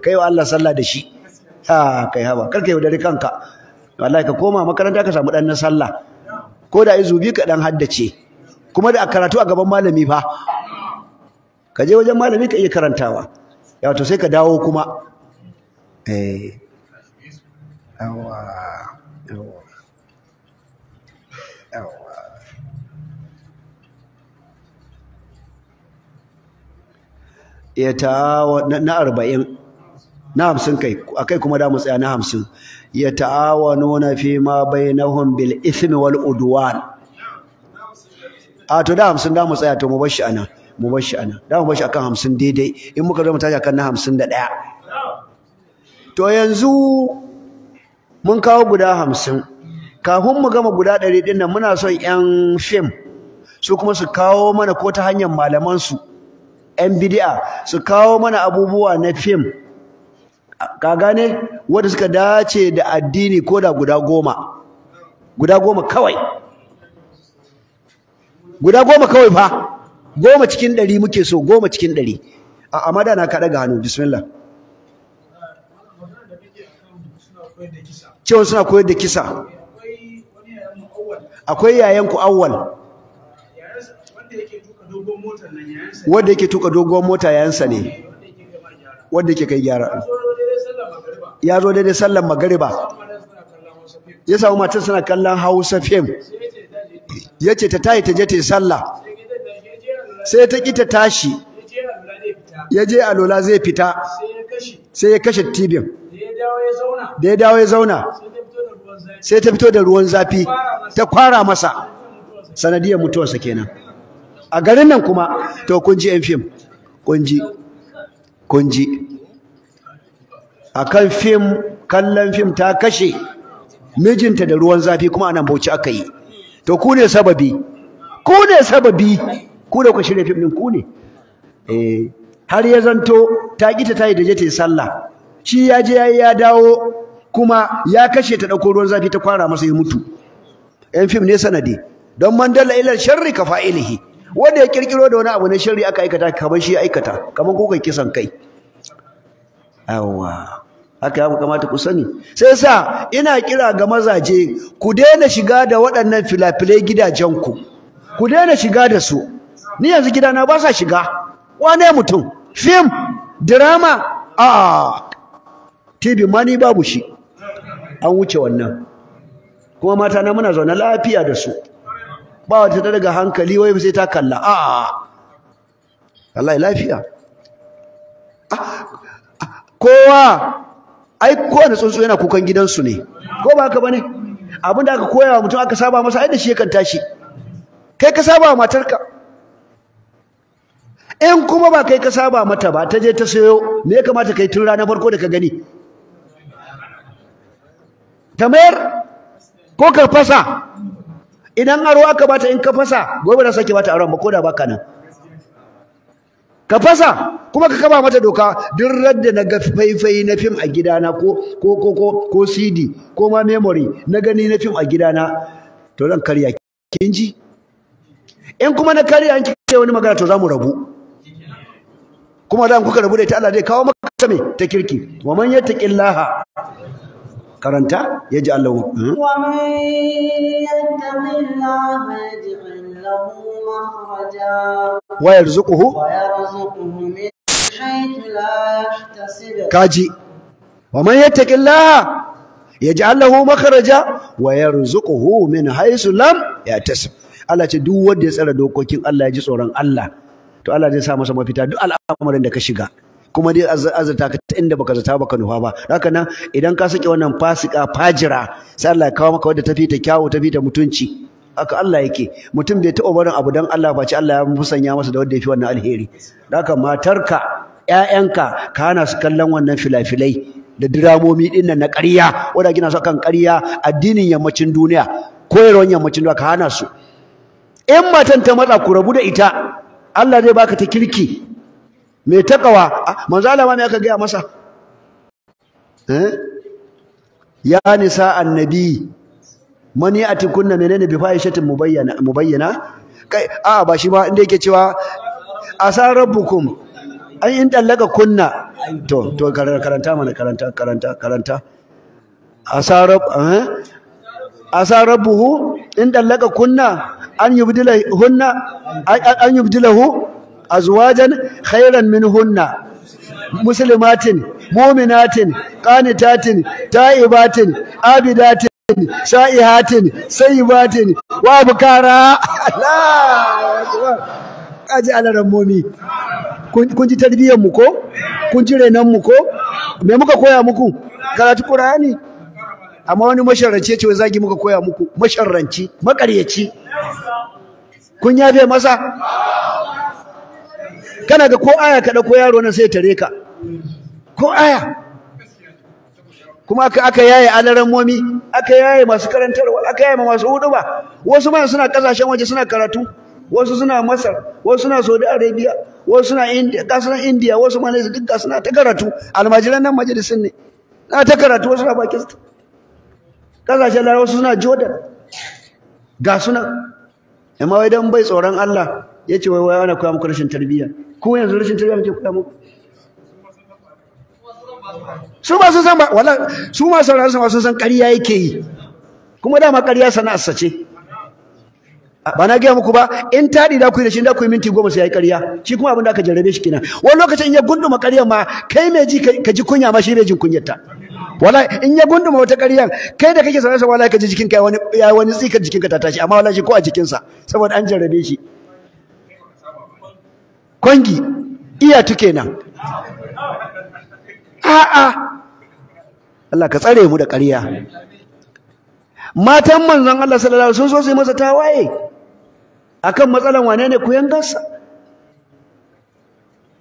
kai wa Allah sallah da shi a kai hawa kar ka yaudari kanka wallahi ka koma makaranta ka samu dan na sallah ko da izubi ka dan haddace kuma da karatu a gaban malami fa ka je wajen malami ka iya karantawa ya to sai ka dawo kuma eh yawa ya ta na na hamsin kai akai kuma da mu tsaya na hamsin ya na fi ma bainahum bil ithmi wal udwan a to da hamsin da mu tsaya to mu bar shi anan mu bar shi anan da mu bar shi akan hamsin daidai in muka zo mu tashi akan na hamsin da ɗaya to yanzu mun kawo guda hamsin kafin mu gama guda ɗari ɗin nan muna son ƴan fim su kuma su kawo mana ko ta hanyar malamansu ƴan bidi'a su kawo mana abubuwa na fim ka gane wanda suka dace da addini ko da guda goma guda goma kawai guda goma kawai fa goma cikin ɗari muke so goma cikin ɗari a amada na kaɗa ga hannu bismillah cewa suna koyar da kisa akwai yayanku awwal wanda yake tuka dogon mota yayansa ne wanda yake kai gyara ya zo daidai sallar magariba ya samu matar suna kallon hausa fim ya ce ta tayi ta je ta yi sallah sai ta ƙi ta tashi ya je alola zai fita sai ya kashe tibin da ya dawo ya zauna sai ta fito da ruwan zafi ta kwara masa sanadiyar mutuwarsa kenan a garin nan kuma to kun ji 'yan fim kun ji akan fim kallon fim ta kashe mijinta da ruwan zafi kuma anan bauchi aka yi to ku ne sababi ku ne sababi ku da ku shirya fim din ku ne eh har ya zanto ta kita tayi da jete sallah shi ya je yayi ya dawo kuma ya kashe ta dauko ruwan zafi ta kwara masa ya mutu yan fim ne sanadi don man dalla ila sharri ka fa'ilihi wanda ya kirkiro da wani abu na sharri aka aikata kamar shi ya aikata kamar ko kai kisan kai Awa, haka ya kamata ku sani sai sa ina kira ga mazaje ku daina shiga da waɗannan filafilai gidajenku ku daina shiga da su ni yanzu gidana ba sa shiga wane mutum fim drama a tv mani babu shi an wuce wannan kuma mata na muna zaune lafiya da su ba wata ta daga hankali wai sai ta kalla a'a Allah lafiya ah, kowa ai kowane tsuntsu yana kukan gidansu ne ko ba ka bane abin da aka koya wa mutum aka saba masa ai da shi yakan tashi kai ka saba wa matarka in kuma ba kai ka saba mata ba ta je ta sayo me ya kamata kai tun ranar farko da ka gani ta mayar ko ka fasa idan aro aka bata in ka fasa gobe da sake bata aron ba ko da baka nan ka fasa kuma ka kaba mata doka duk radda na ga faifai na fim a gidana ko ko ko ko ko CD ko ma memory na gani na fim a gidana to zan karya kin ji in kuma na karya an kike wani magana to za rabu kuma dan kuka rabu da ita Allah zai kawo maka me ta kirki wa man yattaqillaha karanta ya ji Allah wa yarzuquhu kaji wa man yattaqillaha yaj'al lahu makhraja wa yarzuquhu min haythu lam yahtasib Allah ce duk wanda ya tsara dokokin Allah ya ji tsoron Allah to Allah zai sa masa mafita duk al'amarin da ka shiga kuma dai azurta ka ta inda baka zata baka nufa ba haka nan idan ka saki wannan fasika fajira sai Allah ya kawo maka wadda tafi ta kyawu tafi ta mutunci haka Allah yake mutum bai taɓa barin abu dan Allah ba ci Allah ya musanya masa da wanda ya fi wannan alheri haka ka, ƴaƴanka ka hana su kallon wannan filafilai da diramomi nan na ƙarya wanda gina su kan ƙarya addinin yammacin duniya koyarwar yammacin duniya ka hana su in matan ta matsa ku rabu da ita Allah zai baka ta kirki me takawa ah, manzo Allah ma ne aka gaya masa eh ya nisa annabi Mani atikunna kunna menene bi faishatin mubayyana mubayyana kai a ba shi ba inda yake cewa asar rabbukum an in dallaka kunna to to karanta mana karanta karanta karanta asar eh asar rabbuhu in dallaka kunna an yubdila hunna an yubdilahu azwajan khairan minhunna muslimatin mu'minatin qanitatin ta'ibatin abidatin sha'ihatin sayyibatin wa bukara Allah aji ala ramomi kun ji tarbiyyar mu ko kun ji renan mu ko me muka koya muku karatu qur'ani amma wani masharrance ce zagi muka koya muku masharranci makaryaci kun yafe masa kana ga ko aya ka ko yaro nan sai tare ka ko aya kuma aka aka yaye alaran momi aka yaye masu karantarwa aka yaye masu huduba wasu ma suna kasashen waje suna karatu wasu suna masar wasu suna saudi arabia wasu suna india kasar india wasu ma ne duk suna ta karatu almajiran nan majalisin ne na ta karatu wasu na pakistan kasashen larabawa wasu suna jordan ga suna amma wai dan bai tsoron allah ya ce wai wai ana koya muku rashin tarbiyya ko yanzu rashin tarbiyya muke koya muku su ba sun san ba wala su ma sauraron sama sun san ƙarya yake yi kuma dama ƙarya sana'arsa sace ba na gaya muku ba in taɗi da ku yi da shi da ku yi minti goma sai ya yi ƙarya shi kuma abin da aka jarrabe shi kenan wani lokacin in ya gunduma ƙaryar ma kai mai ji ka ji kunya ma shi mai jin ta wala in ya gunduma wata ƙaryar kai da kake sanar wala ka ji jikinka ya wani ya wani tsikar jikinka ta tashi amma wala shi ko a jikinsa saboda an jarrabe shi kwangi iya tuke nan a'a Allah ka tsare mu da ƙarya matan manzon Allah sallallahu alaihi wasallam sun so su masa tawaye akan matsalan wane ne ku yangarsa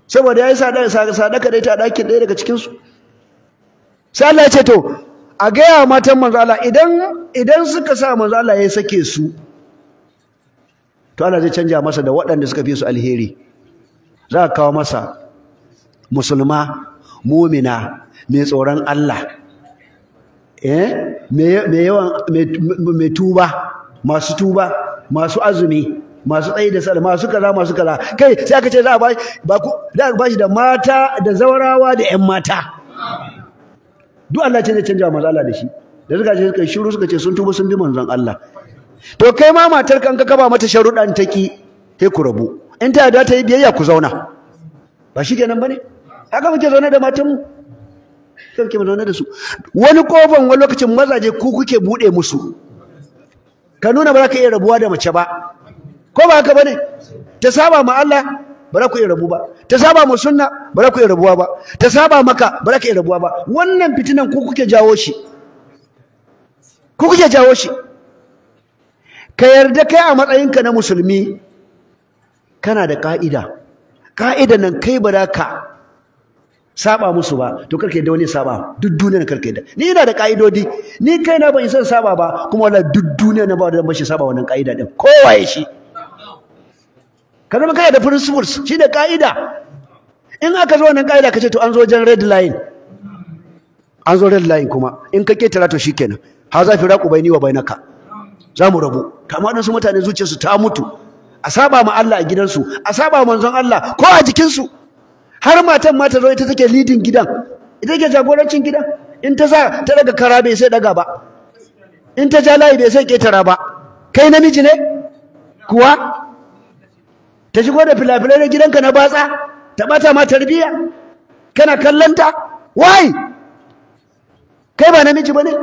saboda yayi sadaka sadaka dai ta dakin ɗaya daga cikin su sai Allah ya ce to a gaya matan manzo Allah idan idan suka sa manzo Allah ya sake su to Allah zai canja masa da waɗanda suka fi su alheri za a kawo masa musulma mumina mai tsoron Allah eh mai yawan mai tuba masu tuba masu azumi masu tsayi da sallah masu kaza masu kaza kai sai aka ce za a bashi da mata da zawarawa da ƴan mata duk Allah ce zai canja wa manzo Allah da shi da suka ce suka shiru suka ce sun tuba sun bi manzon Allah to kai ma matar kanka ka kaba mata sharuɗan taki sai ku rabu in ta yadda ta yi biyayya ku zauna ba shi kenan ne haka muke zaune da matanmu kan ke zaune da su wani kofan wani lokacin mazaje ku kuke buɗe musu ka nuna ba za ka iya rabuwa da mace ba ko ba haka ne ta saba ma Allah ba za ku iya rabu ba ta saba ma sunna ba za ku iya rabuwa ba ta saba maka ba za ka iya rabuwa ba wannan fitinan ku kuke jawo shi ku kuke jawo shi ka yarda kai a matsayinka na musulmi kana da ka'ida ka'ida nan kai ba za ka saba musu ba to karka yadda wani saba duk duniyar karka yadda ni ina da ka'idodi ni kai na ban san saba ba kuma wala duk duniya na ba da mashi saba wannan ka'ida din kowa ya shi ka zama kana da principles shi da ka'ida in aka zo wannan ka'ida ka ce to an zo jan red line an zo red line kuma in ka ketara to shikenan ha za fi raku ni wa bainaka za mu rabu kamar su mutane zuciyarsu ta mutu a ma Allah a gidansu asaba manzon Allah ko a jikinsu har matan ma ta zo ita take leading gidan ita take jagorancin gidan in ta sa ta daga kara bai sai daga ba in ta ja layi bai sai ketara ba kai namiji ne kuwa ta shigo da filafilai na gidanka na batsa ta bata ma tarbiya kana kallanta wai kai ba namiji bane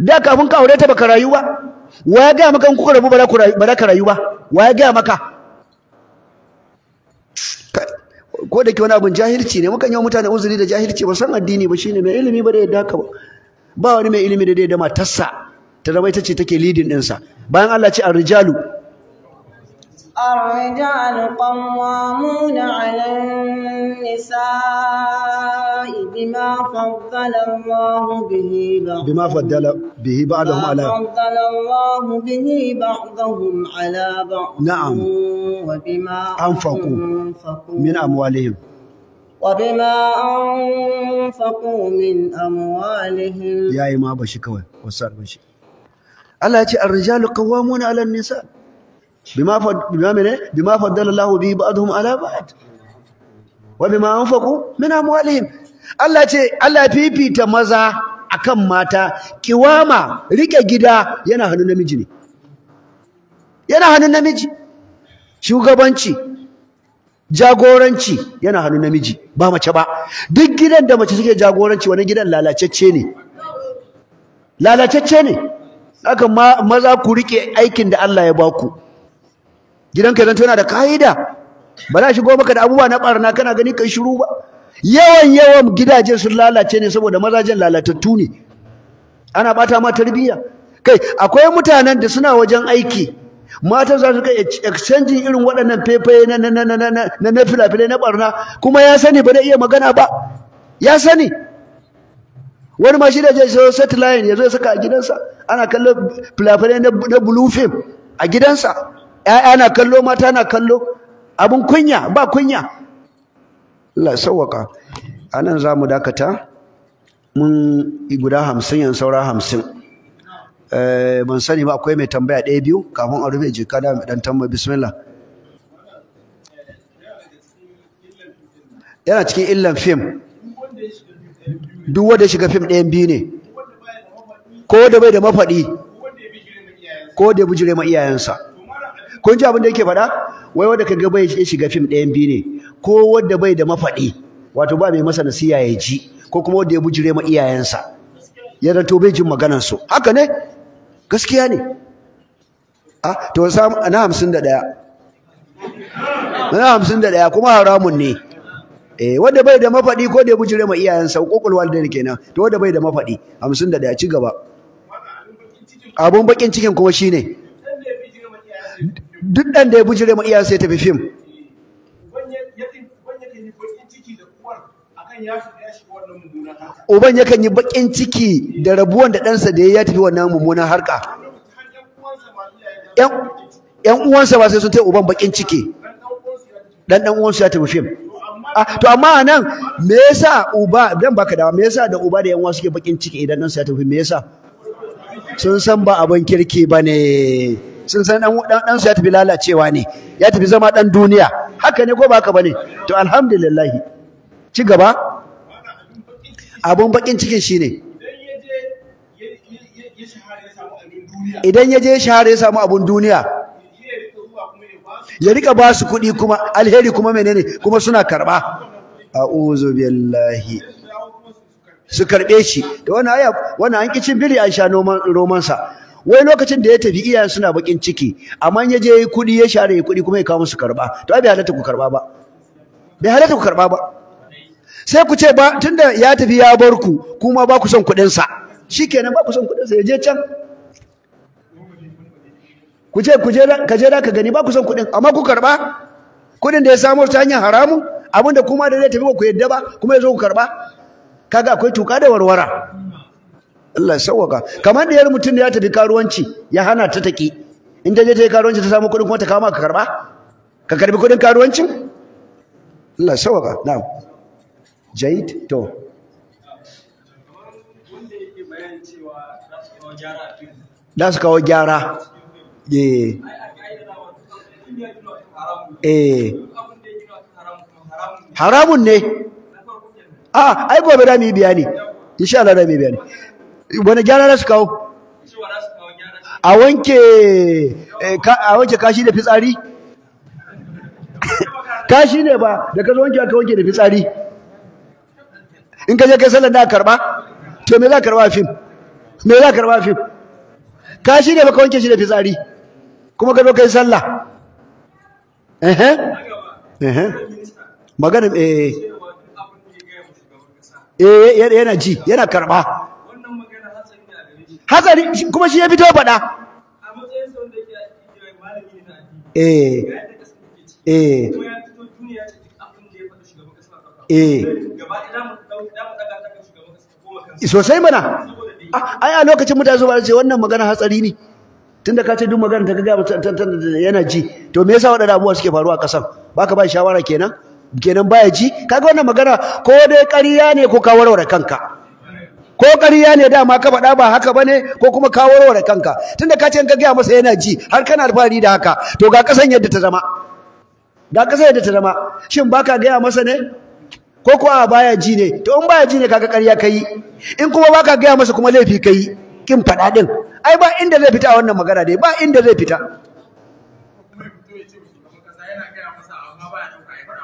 da kafin ka aure ta baka rayuwa wa ya gaya maka in kuka rabu ba za ka rayu ba wa ya gaya maka ko da ke wani abin jahilci ne mukan yi wa mutane uzuri da jahilci ba san addini ba shine mai ilimi ba da yadda ka ba wani mai ilimi da da yadda matarsa ta zama ita ce take lidin ɗinsa bayan Allah ce ar-rijalu الرجال 'ala على بما فضل الله به بعضهم بما فضل به بعضهم على فضل الله به بعضهم على بعض نعم وبما أنفقوا من أموالهم وبما أنفقوا من أموالهم يا إمام بشي كوي وصار بشي الله يجي الرجال قوامون على النساء بما فضل بما من بما فضل الله به بعضهم على بعض وبما أنفقوا من أموالهم Allah ce Allah fifita maza akan mata kiwama rike gida yana hannun namiji ne yana hannun namiji shugabanci jagoranci yana hannun namiji ba mace ba duk gidan da mace suke jagoranci wani gidan lalacecce ne lalacecce ne haka maza ku rike aikin da Allah ya baku gidanka zanto yana da ka'ida ba za shigo maka da abubuwa na barna kana gani kai shiru ba yawan yawan gidaje sun lalace ne saboda mazajen lalatattu ne ana bata ma tarbiyya kai akwai mutanen da suna wajen aiki matan za su kai exchanging irin waɗannan fefaye na na na na na na filafilai na barna kuma ya sani ba da iya magana ba ya sani wani ma shi da zai satellite ya zo ya saka a gidansa ana kallon filafilai na blue film a gidansa ƴaƴa na kallo mata na kallo abin kunya ba kunya Allah nan za mu dakata mun guda hamsin yan saura hamsin eh, ban sani ba akwai mai tambaya ɗaya biyu kafin a rufe jika da ɗan tambaya bismillah yana cikin illan fim duk wanda shiga fim ɗaya biyu ne ko da bai da mafaɗi ko da ya bujire ma iyayensa kun ji abin da yake faɗa wai wanda kaga bai ya shiga fim ɗayan biyu ne ko wanda bai da mafaɗi wato ba mai masa nasiya ya ji ko kuma wanda ya bujire ma iyayensa ya zanto bai jin maganar su haka ne gaskiya ne a ah, to sam na hamsin da ɗaya na hamsin da ɗaya kuma haramun ne eh wanda bai da mafaɗi ko da ya bujire ma iyayensa kokolwal da kenan to wanda bai da mafaɗi hamsin da ɗaya ci gaba abun bakin cikin kuma shine duk ɗan da ya bujire mu iya ya tafi fim uban yakan yi bakin ciki da rabuwan da ɗansa da ya tafi wannan mummunan harka ‘yan uwansa ba sai sun ta uban bakin ciki ɗan ɗan uwansu ya tafi fim ah, to amma nan me yasa uba dan baka dawa me yasa da uba da yan uwa suke bakin ciki idan ɗansa ya tafi me yasa sun san ba abin kirki ba ne. sun san dan dan ya tafi lalacewa ne ya tafi zama dan duniya haka ne ko ba haka bane to alhamdulillah ci gaba abun bakin cikin shine idan ya je shahara ya samu abun duniya ya rika ba su kuɗi kuma alheri kuma menene kuma suna karɓa a'udhu billahi su karbe shi da wani aya wannan an kicin biri an sha romansa wai lokacin da ya tafi iyayen suna bakin ciki amma ya je kuɗi ya share kuɗi kuma ya kawo musu karɓa to ai bai halatta ku karba ba bai halatta ku karɓa ba sai ku ce ba tunda ya tafi ya bar ku kuma ba ku son kudin sa shikenan ba ku son kudin sa ya je can ku ce ku je ka je da ka gani ba ku son kuɗin amma ku karɓa kuɗin da ya samu ta hanyar haramu abinda kuma da zai tafi ba ku yadda ba kuma ya zo ku karɓa kaga akwai tuka da warwara Allah ya sauka kamar da yar mutum da ya tafi karuwanci ya hana ta taki in ta je ta yi karuwanci ta samu kuɗin kuma ta kama ka karba ka karbi kuɗin karuwancin Allah ya sauka na'am jaid to da su kawo gyara eh eh haramun ne a ai gobe da mu yi bayani insha Allah da mu biya ne wani gyara na su kawo eh, a wanke kashi da fitsari [laughs] kashi ne ba da ka zo wanke aka wanke da fitsari in ka je kai sallar da karba to me za karba fim me za karba fim kashi ne ba ka wanke shi da fitsari kuma ka zo kai sallah eh eh magana eh eh yana ji yana karba hatsari kuma shi ya fito faɗa eh eh eh sosai mana ah, ai a lokacin mutane zuwa ce wannan magana hatsari ne tunda ka ce duk magana ta ga yana ji to me yasa waɗanda abubuwa suke faruwa a ƙasar ka ba shawara kenan kenan baya ji kaga wannan magana ko dai ƙarya ne ko ka warware kanka ko ƙarya ne dama ka faɗa ba haka ba ne ko kuma ka warware kanka tunda ka ce ka gaya masa yana ji har kana alfahari da haka to ga kasan yadda ta zama ga kasan yadda ta zama shin baka gaya masa ne ko kuwa baya ji ne to in baya ji ne kaga ƙarya yi in kuma baka gaya masa kuma laifi ka yi kin faɗa ɗin ai ba inda zai fita a wannan magana dai ba inda zai fita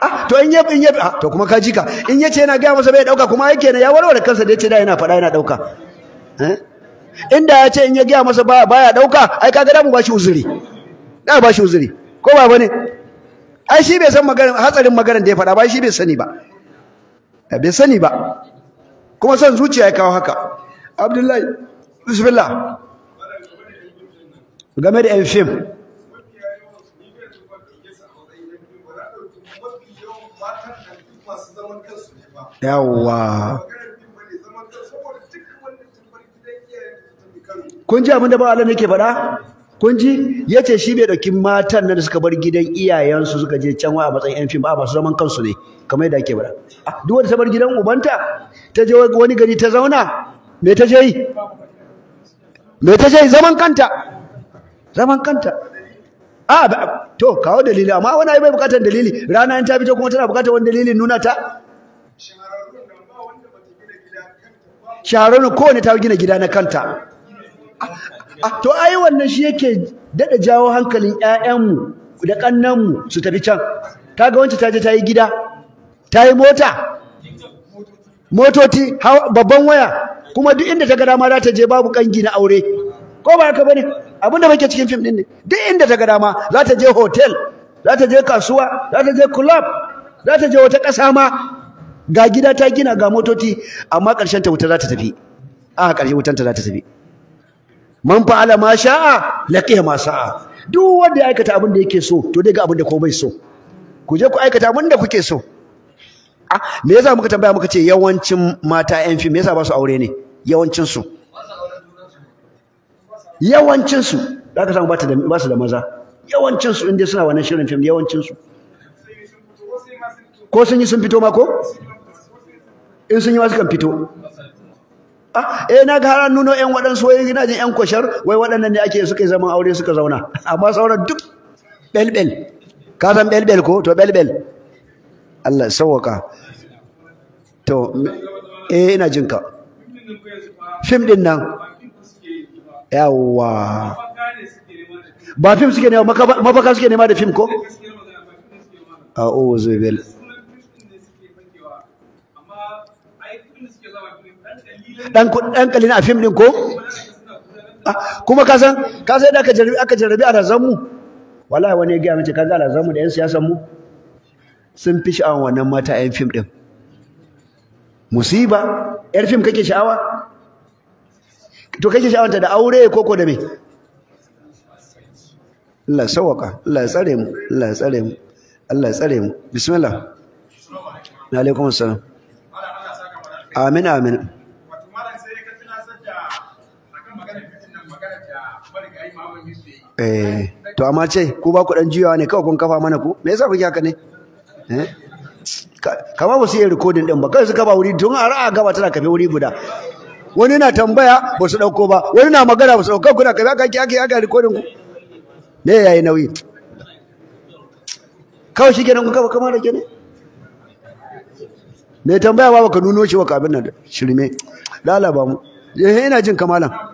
ah to in ya in ya ah to kuma ka ji ka in yace yana ga masa bai dauka kuma yake ne ya warware kansa da yace da yana faɗa yana dauka eh inda yace in ya ga masa baya baya dauka ai kaga da mu bashi uzuri da bashi uzuri ko ba bane ai shi bai san magana hatsarin magana da ya fada ba shi bai sani ba eh, bai sani ba kuma son zuciya ya kawo haka abdullahi bismillah game da yan yawwa kun ji abin da ba Allah yake faɗa kun ji yace shi bai dauki matan nan da suka bar gidan iyayensu suka je can a matsayin yan fim ba su zaman kansu ne kamar yadda ake faɗa duk wanda ta bar gidan ubanta ta je wani gari ta zauna me ta je yi me ta je yi zaman kanta zaman kanta a to kawo dalili amma wani bai bukatar dalili rana in ta fito kuma tana bukatar wani dalilin nuna ta ko kowane ta gina gida na kanta to ai wannan shi yake dada jawo hankalin 'ya'yanmu da ƙannanmu su tafi can kaga wancan ta je ta yi gida ta yi mota motoci babban waya kuma duk inda ta ga dama za ta je babu ƙangi na aure ko ba haka bane abinda muke cikin fim din ne duk inda ta ga dama za ta je hotel za ta je kasuwa za ta je club za ta je wata ƙasa ma ga gida ta gina ga motoci amma ƙarshen ta wuta za ta tafi a ƙarshen wutan ta za ta tafi man fa'ala ma sha'a laqiya ma sa'a duk wanda ya aikata abin da yake so to dai ga abin da bai so ku je ku aikata abin da kuke so a ah, me yasa muka tambaya muka ce yawancin mata yan fim me yasa ba su aure ne yawancin su yawancin su zaka samu ba da ba su da maza yawancin su inda suna wannan shirin fim yawancin su ko sun yi sun fito ma ko in sun yi ma sukan fito ah, eh na ga haran nuno yan waɗansu wai ina jin ƴan kwashar wai waɗannan ne ake suka yi zaman aure suka zauna amma sauran duk belbel ka san belbel ko to belbel Allah sauwaka to eh ina jin ka fim din nan yawa ba fim suke ne ba mafaka suke nema da fim ko a'udhu billahi dan dan kalin a film din ko ah, kuma ka san ka sai da aka jarabi aka jarabi a razan mu wallahi wani ya ga mace kaga razan mu da yan siyasan mu sun fi sha'awan wannan mata yan film din musiba yar film kake sha'awa to kake ta da aure ko ko da me Allah sawaka Allah ya tsare mu Allah ya tsare mu Allah ya tsare mu bismillah alaikum assalam amin amin eh to amma ce ku ba ku dan juyawa ne kawai kun kafa mana ku me yasa kuke haka ne eh kama ba su yi recording din ba kai suka ba wuri tun a ra'a gaba tana kafe wuri guda wani na tambaya ba su dauko ba wani na magana ba su dauko kuna kafe aka kike aka recording ku me yayi nauyi kawai kenan kun kafa kamar da kenan me tambaya ba ka nuno shi wa kabin nan shirme lalaba mu eh ina jin kamalan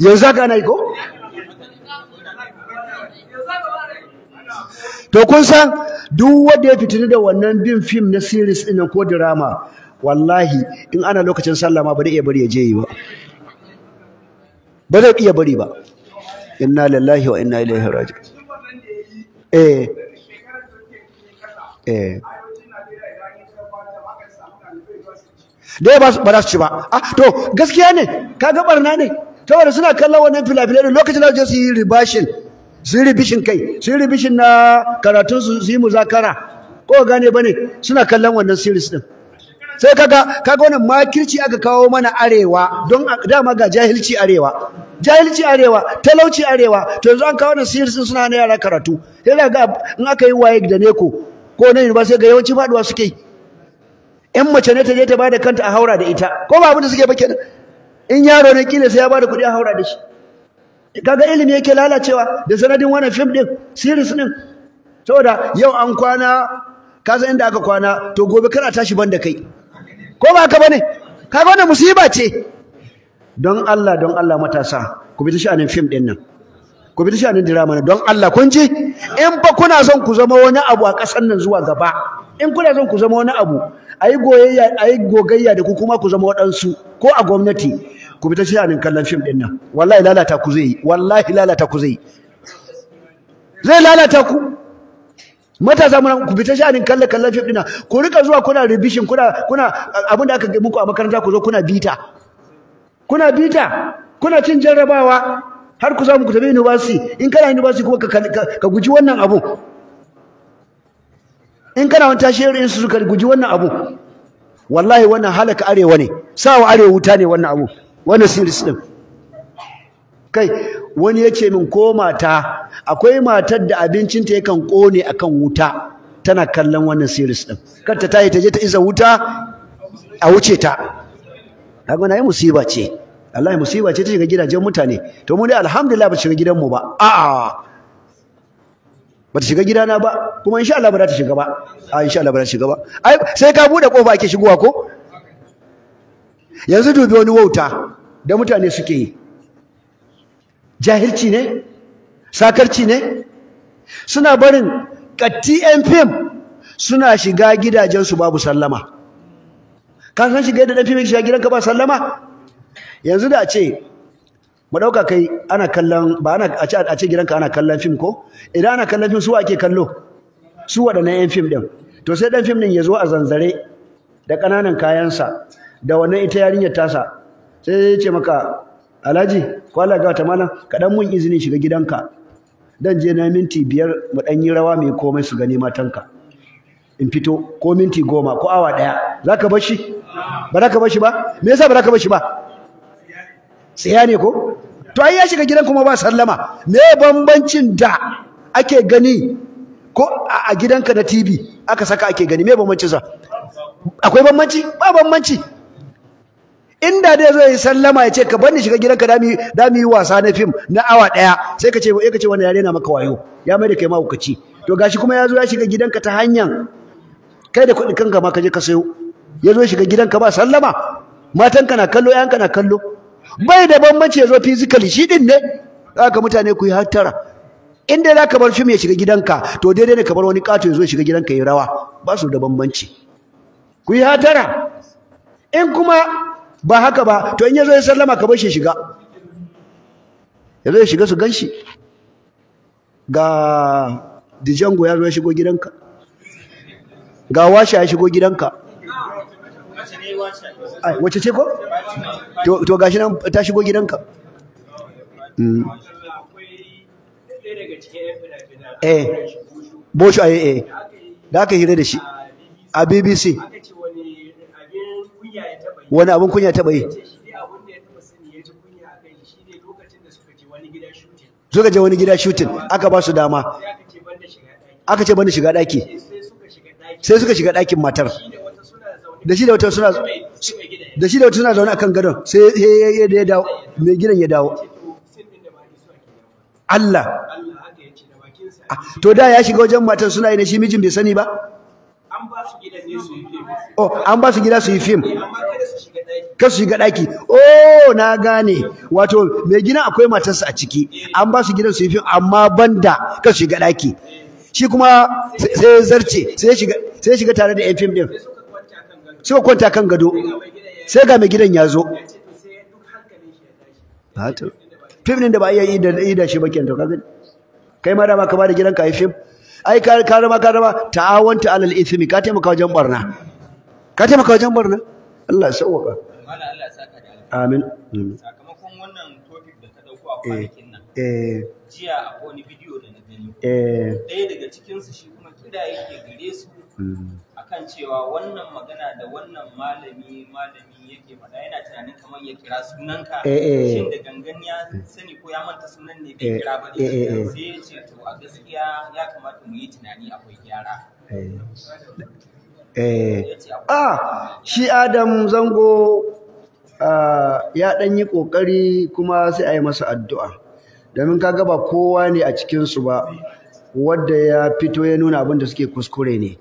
yanzu haka ana yi ko to kun san duk wanda ya fitini da wannan bin fim na series ɗin ko drama wallahi in ana lokacin sallah ma ba da iya bari ya je yi ba ba zai iya bari ba inna lillahi wa inna ilaihi raji. eh eh dai ba za su ci ba ah to gaskiya ne kaga barna ne saboda suna kallon wannan filafilai da lokacin da su yi ribashin su yi ribishin kai su yi ribishin na karatunsu su yi muzakara ko gane ba ne suna kallon wannan series din sai kaga kaga wannan makirci aka kawo mana arewa don dama ga jahilci arewa jahilci arewa talauci arewa to yanzu an kawo wannan series din suna na yara karatu yana ga in aka yi waye da neko ko na ba sai ga yawanci faduwa suke yi Yan mace ne ta je ta bada kanta a haura da ita ko ba abin da suke ba kenan in yaro ne kila sai ya bada kuɗi a haura da shi kaga ilimi yake lalacewa da sanadin wannan film din series din saboda yau an kwana ka san inda aka kwana to gobe kana tashi banda kai ko ba ka bane kaga wannan musiba ce don Allah don Allah matasa ku bi ta nan film din nan ku bi ta sha'anin drama nan don Allah kun ji in fa kuna son ku zama wani abu a ƙasar nan zuwa gaba in kuna son ku zama wani abu ayi goyayya ayi gogayya da ku kuma ku zama waɗansu ko a gwamnati ku bi ta shanin kallon fim din nan wallahi lalata ku zai wallahi lalata ku zai zai lalata ku matasa mun ku bi ta shanin kallon kallon fim din nan ku rika zuwa kuna revision kuna kuna eh, abin da aka ga muku a makaranta ku zo kuna bita kuna bita kuna cin jarrabawa har ku samu ku tafi university in kana university kuma ka guji wannan abu in kana wani tashiyar in su ka guji wannan abu wallahi wannan halaka arewa ne sawa arewa wuta ne wannan abu wannan siris ɗin kai wani yace min ko mata akwai matar da abincinta yakan kone akan wuta tana kallon wannan ɗin. din kanta yi ta je ta iza wuta a wuce ta kaga na yi musiba ce Allah musiba ce ta shiga gidajen mutane to mu dai alhamdulillah ba shiga gidanmu ba a'a bata shiga gidana ba kuma insha Allah ba za ta shiga ba a insha Allah ba za ta shiga ba ai sai ka bude kofa ake shigowa ko yanzu dubi wani wauta da mutane suke yi jahilci ne sakarci ne suna barin katti yan fim suna shiga gidajensu babu sallama ka san shiga da ɗan fim shiga gidanka ba sallama yanzu da a ce mu ɗauka kai ana kallon ba a ce gidanka ana kallon fim ko idan ana kallon fim su ake kallo su waɗannan 'yan fim ɗin to sai ɗan fim ɗin ya zo a zanzare da ƙananan kayansa da wannan ita yarinyar tasa sai ya ce maka alhaji ko ga ta malam kaɗan mun izinin shiga gidanka dan je na minti biyar mu dan yi rawa mai komai su gani matanka in fito ko minti goma ko awa ɗaya za ka bashi ba za ka bashi ba me yasa ba za ka bashi ba tsaya ne ko to ai ya shiga gidan kuma ba sallama me bambancin da ake gani ko a gidanka na TV aka saka ake gani me bambancin sa akwai bambanci ba bambanci inda dai zai sallama ya ce ka bani shiga gidanka da mu yi wasa na fim na awa daya sai ka ce ka ce wannan yare na maka wayo ya mai da kai mahaukaci to gashi kuma ya zo ya shiga gidanka ta hanyar kai da kuɗin kanka ma ka je ka sayo ya zo shiga gidanka ba sallama matanka na kallo yanka na kallo bai da bambanci ya zo physically shi din ne haka mutane ku yi hattara in dai zaka bar fim ya shiga gidanka to daidai ne ka bar wani kato ya zo shiga gidanka ya rawa ba su da bambanci ku yi hattara in kuma ba haka ba to in yazo ya sallama ka bar shi shiga yazo ya shiga su ganshi ga dijango ya zo ya shigo gidanka ga washa ya shigo gidanka wace ce ko to gashi nan ta shigo gidanka mm. eh bosho eh eh da aka hira da shi a BBC wani abin kunya taɓa yi ka je wani gida shutin, aka ba su dama aka ce bani shiga ɗaki sai suka shiga ɗakin matar da shi da wata suna da shi da wata suna zaune akan gadon sai ya dawo mai gidan ya dawo Allah ah, to da ya shiga wajen matar suna yi na shi mijin bai sani ba oh an ba su gida su yi fim eh, kar su shiga daki oh na gane wato mai gina akwai matarsa a ciki an ba su gidan su yi fim amma banda kar su shiga daki shi kuma sai zarce sai shiga shiga tare da yan fim din sai kwanta kan gado sai ga mai gidan ya zo fim din da ba iya yi da shi ba kenan kai ma da ba ka ba da ka yi fim ai ka ka rama ka rama ta'awanta alal ithmi ka taimaka wajen barna ka taimaka wajen barna Allah ya sauka mallan Allah ya saka da amin sakamakon wannan topic da ka dauko a eh, kwanakin nan eh jiya a wani video da na gani eh daya daga cikin su shi kuma kida yake gare su hmm. akan cewa wannan magana da wannan malami malami yake faɗa yana tunanin kamar ya kira sunanka eh, eh. shin da gangan ya sani ko ya manta sunan ne bai eh, kira ba ne sai ya ce to a gaskiya ya kamata mu yi tunani akwai gyara ah shi adam zango ah, ya ɗan yi ƙoƙari kuma sai a yi masa addu'a domin kaga ba kowa ne a cikinsu ba wadda ya fito ya nuna abin da suke kuskure ne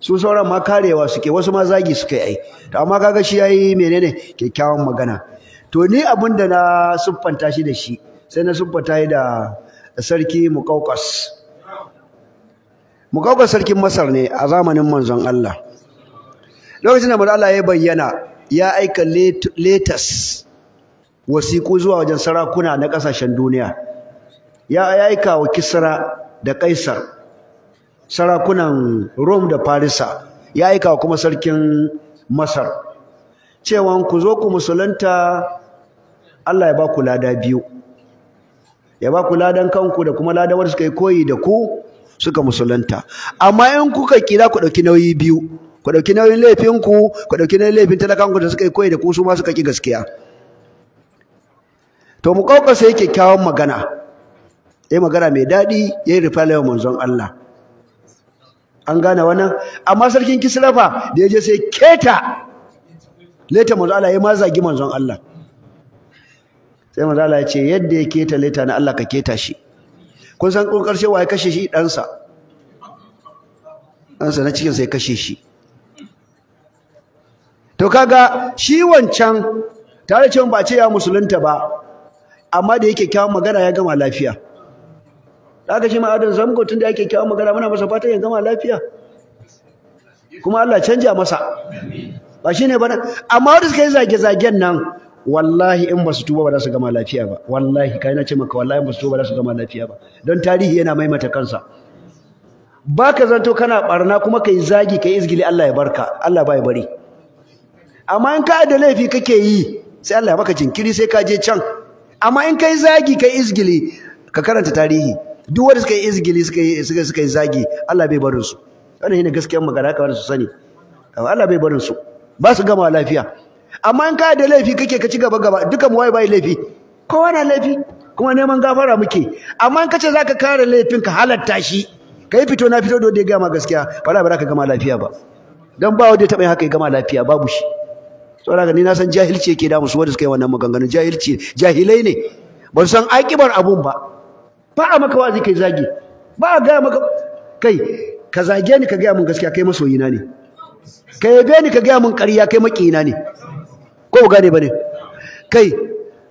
su sauran ma karewa suke wasu ma zagi suka yi to amma kaga shi yayi menene kyakkyawan magana to ni abin da na siffanta shi da shi sai na siffanta shi da sarki muƙauƙas. Muƙauƙas sarkin masar ne a zamanin manzon Allah lokacin da manzon Allah ya bayyana ya aika letas wasiƙu zuwa wajen sarakuna na ƙasashen duniya ya aika wa Kisra da Kaisar sarakunan Rome da Farisa ya aika kuma sarkin Masar cewa ku zo ku musulunta Allah ya ba ku lada biyu ya ba ku ladan kanku da kuma ladan wanda suka yi koyi da ku suka musulunta amma in kuka kira ku dauki nauyi biyu ku dauki nauyin laifin ku ku dauki nauyin laifin talakanku da suka yi koyi da ku su ma suka ki gaskiya to mu kauka sai kyakkyawan magana yayi magana mai dadi yayi rifala wa manzon Allah an gane wannan amma sarkin Kisra fa da yaje sai keta leta manzo Allah ya ma zagi manzon Allah sai manzo Allah ya ce yadda ya keta leta na Allah ka keta shi kun san kun karshe ya kashe shi dan sa dan sa na cikin sai kashe shi to kaga shi wancan tare cewa ba ce ya musulunta ba amma da yake kyawun magana ya gama lafiya aka shi ma adon zamgo tun da ake kyawun magana muna masa fatan yin gama lafiya kuma Allah canja masa ba ne ba amma wadda suka yi zage-zagen nan wallahi in ba su tuba ba za su gama lafiya ba wallahi kai na ce maka wallahi in ba su tuba ba za su gama lafiya ba don tarihi yana maimata kansa ba ka zanto kana barna kuma ka yi zagi ka yi izgili Allah ya barka Allah ba ya bari amma in ka da laifi kake yi sai Allah ya maka jinkiri sai ka je can amma in ka yi zagi ka yi izgili ka karanta tarihi duk wanda suka yi izgili suka yi zagi Allah bai barin su wannan shine gaskiyar magana haka su sani Allah bai barin su ba su gama lafiya amma in ka da laifi kake ka ci gaba gaba dukan waye bai laifi kowa na laifi kuma neman gafara muke amma in kace zaka kare laifin ka halatta shi kai fito na fito da gama gaskiya wallahi ba za ka gama lafiya ba dan ba wanda ya taba yin haka ya gama lafiya babu shi saboda ni na san jahilci yake da musu wanda suka yi wannan maganganun jahilci jahilai ne ba san akibar abun ba ba a maka wazi kai zagi ba a gaya maka kai ka zage ni ka gaya mun gaskiya kai masoyina ne ka yabe ni ka gaya mun ƙarya kai makina ne ko ga ne ba ne kai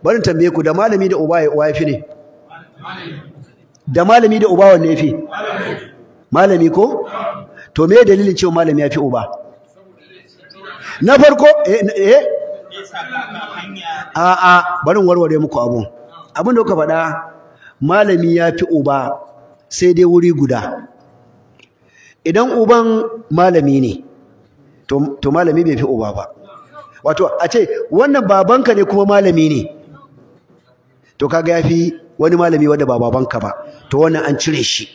bari tambaye ku da malami da uba ya uwa yafi ne da malami da uba wanne yafi malami ko to me dalilin cewa malami yafi uba na farko eh a eh? a barin warware muku abun abin da kuka faɗa malami ya fi uba sai dai wuri guda idan uban malami ne to malami bai fi uba ba wato a ce wannan babanka ne kuma malami ne to kaga ya fi wani malami wanda ba babanka ba to wannan an cire shi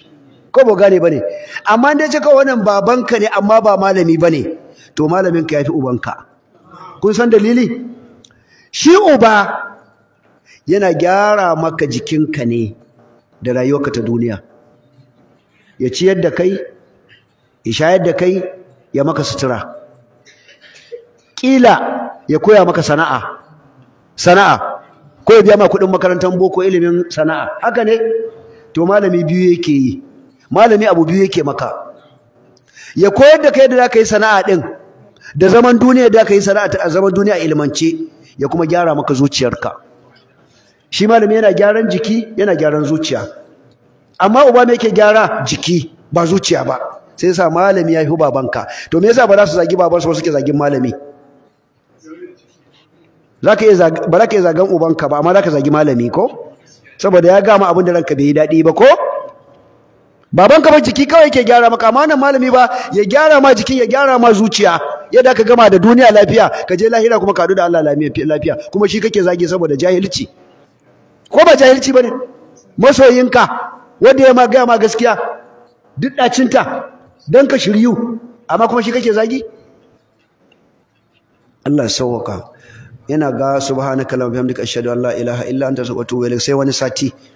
ko ba gane ba ne? amma dai ce kawai wannan babanka ne amma ba malami ba ne. to malaminka ya fi ubanka kun san dalili shi uba yana gyara maka jikinka ne da rayuwarka ta duniya ya ciyar da kai ya shayar da kai ya maka sutura ƙila ya koya maka sana'a sana'a ko ya biya ma kuɗin makarantar boko ilimin sana'a haka ne to malami biyu yake yi malami abu biyu yake maka ya koyar da kai da za ka yi sana'a ɗin da zaman duniya da za ka yi sana'a a zaman duniya ilimance ya kuma gyara maka zuciyarka shi malami yana gyaran jiki yana gyaran zuciya amma uba mai yake gyara jiki ba zuciya ba sai sa malami ya fi babanka to me yasa ba za su zagi babansu ba suke zagin malami ba za ka iya zagan ubanka ba amma za ka zagi malami ko saboda ya gama abin da ranka bai yi daɗi ba ko babanka ba jiki kawai ke gyara maka amma wannan malami ba ya gyara ma jiki ya gyara ma zuciya yadda ka gama da duniya lafiya ka je lahira kuma ka da Allah lafiya kuma shi kake zagi saboda jahilci ko ba jahilci bane masoyinka wanda ya ma gaya ma gaskiya duk ɗacinta don ka shiryu amma kuma shi kake zagi Allah sauwaka yana ga subhanaka allahumma bihamdika ashhadu an la ilaha illa anta astaghfiruka wa atubu ilaik sai wani sati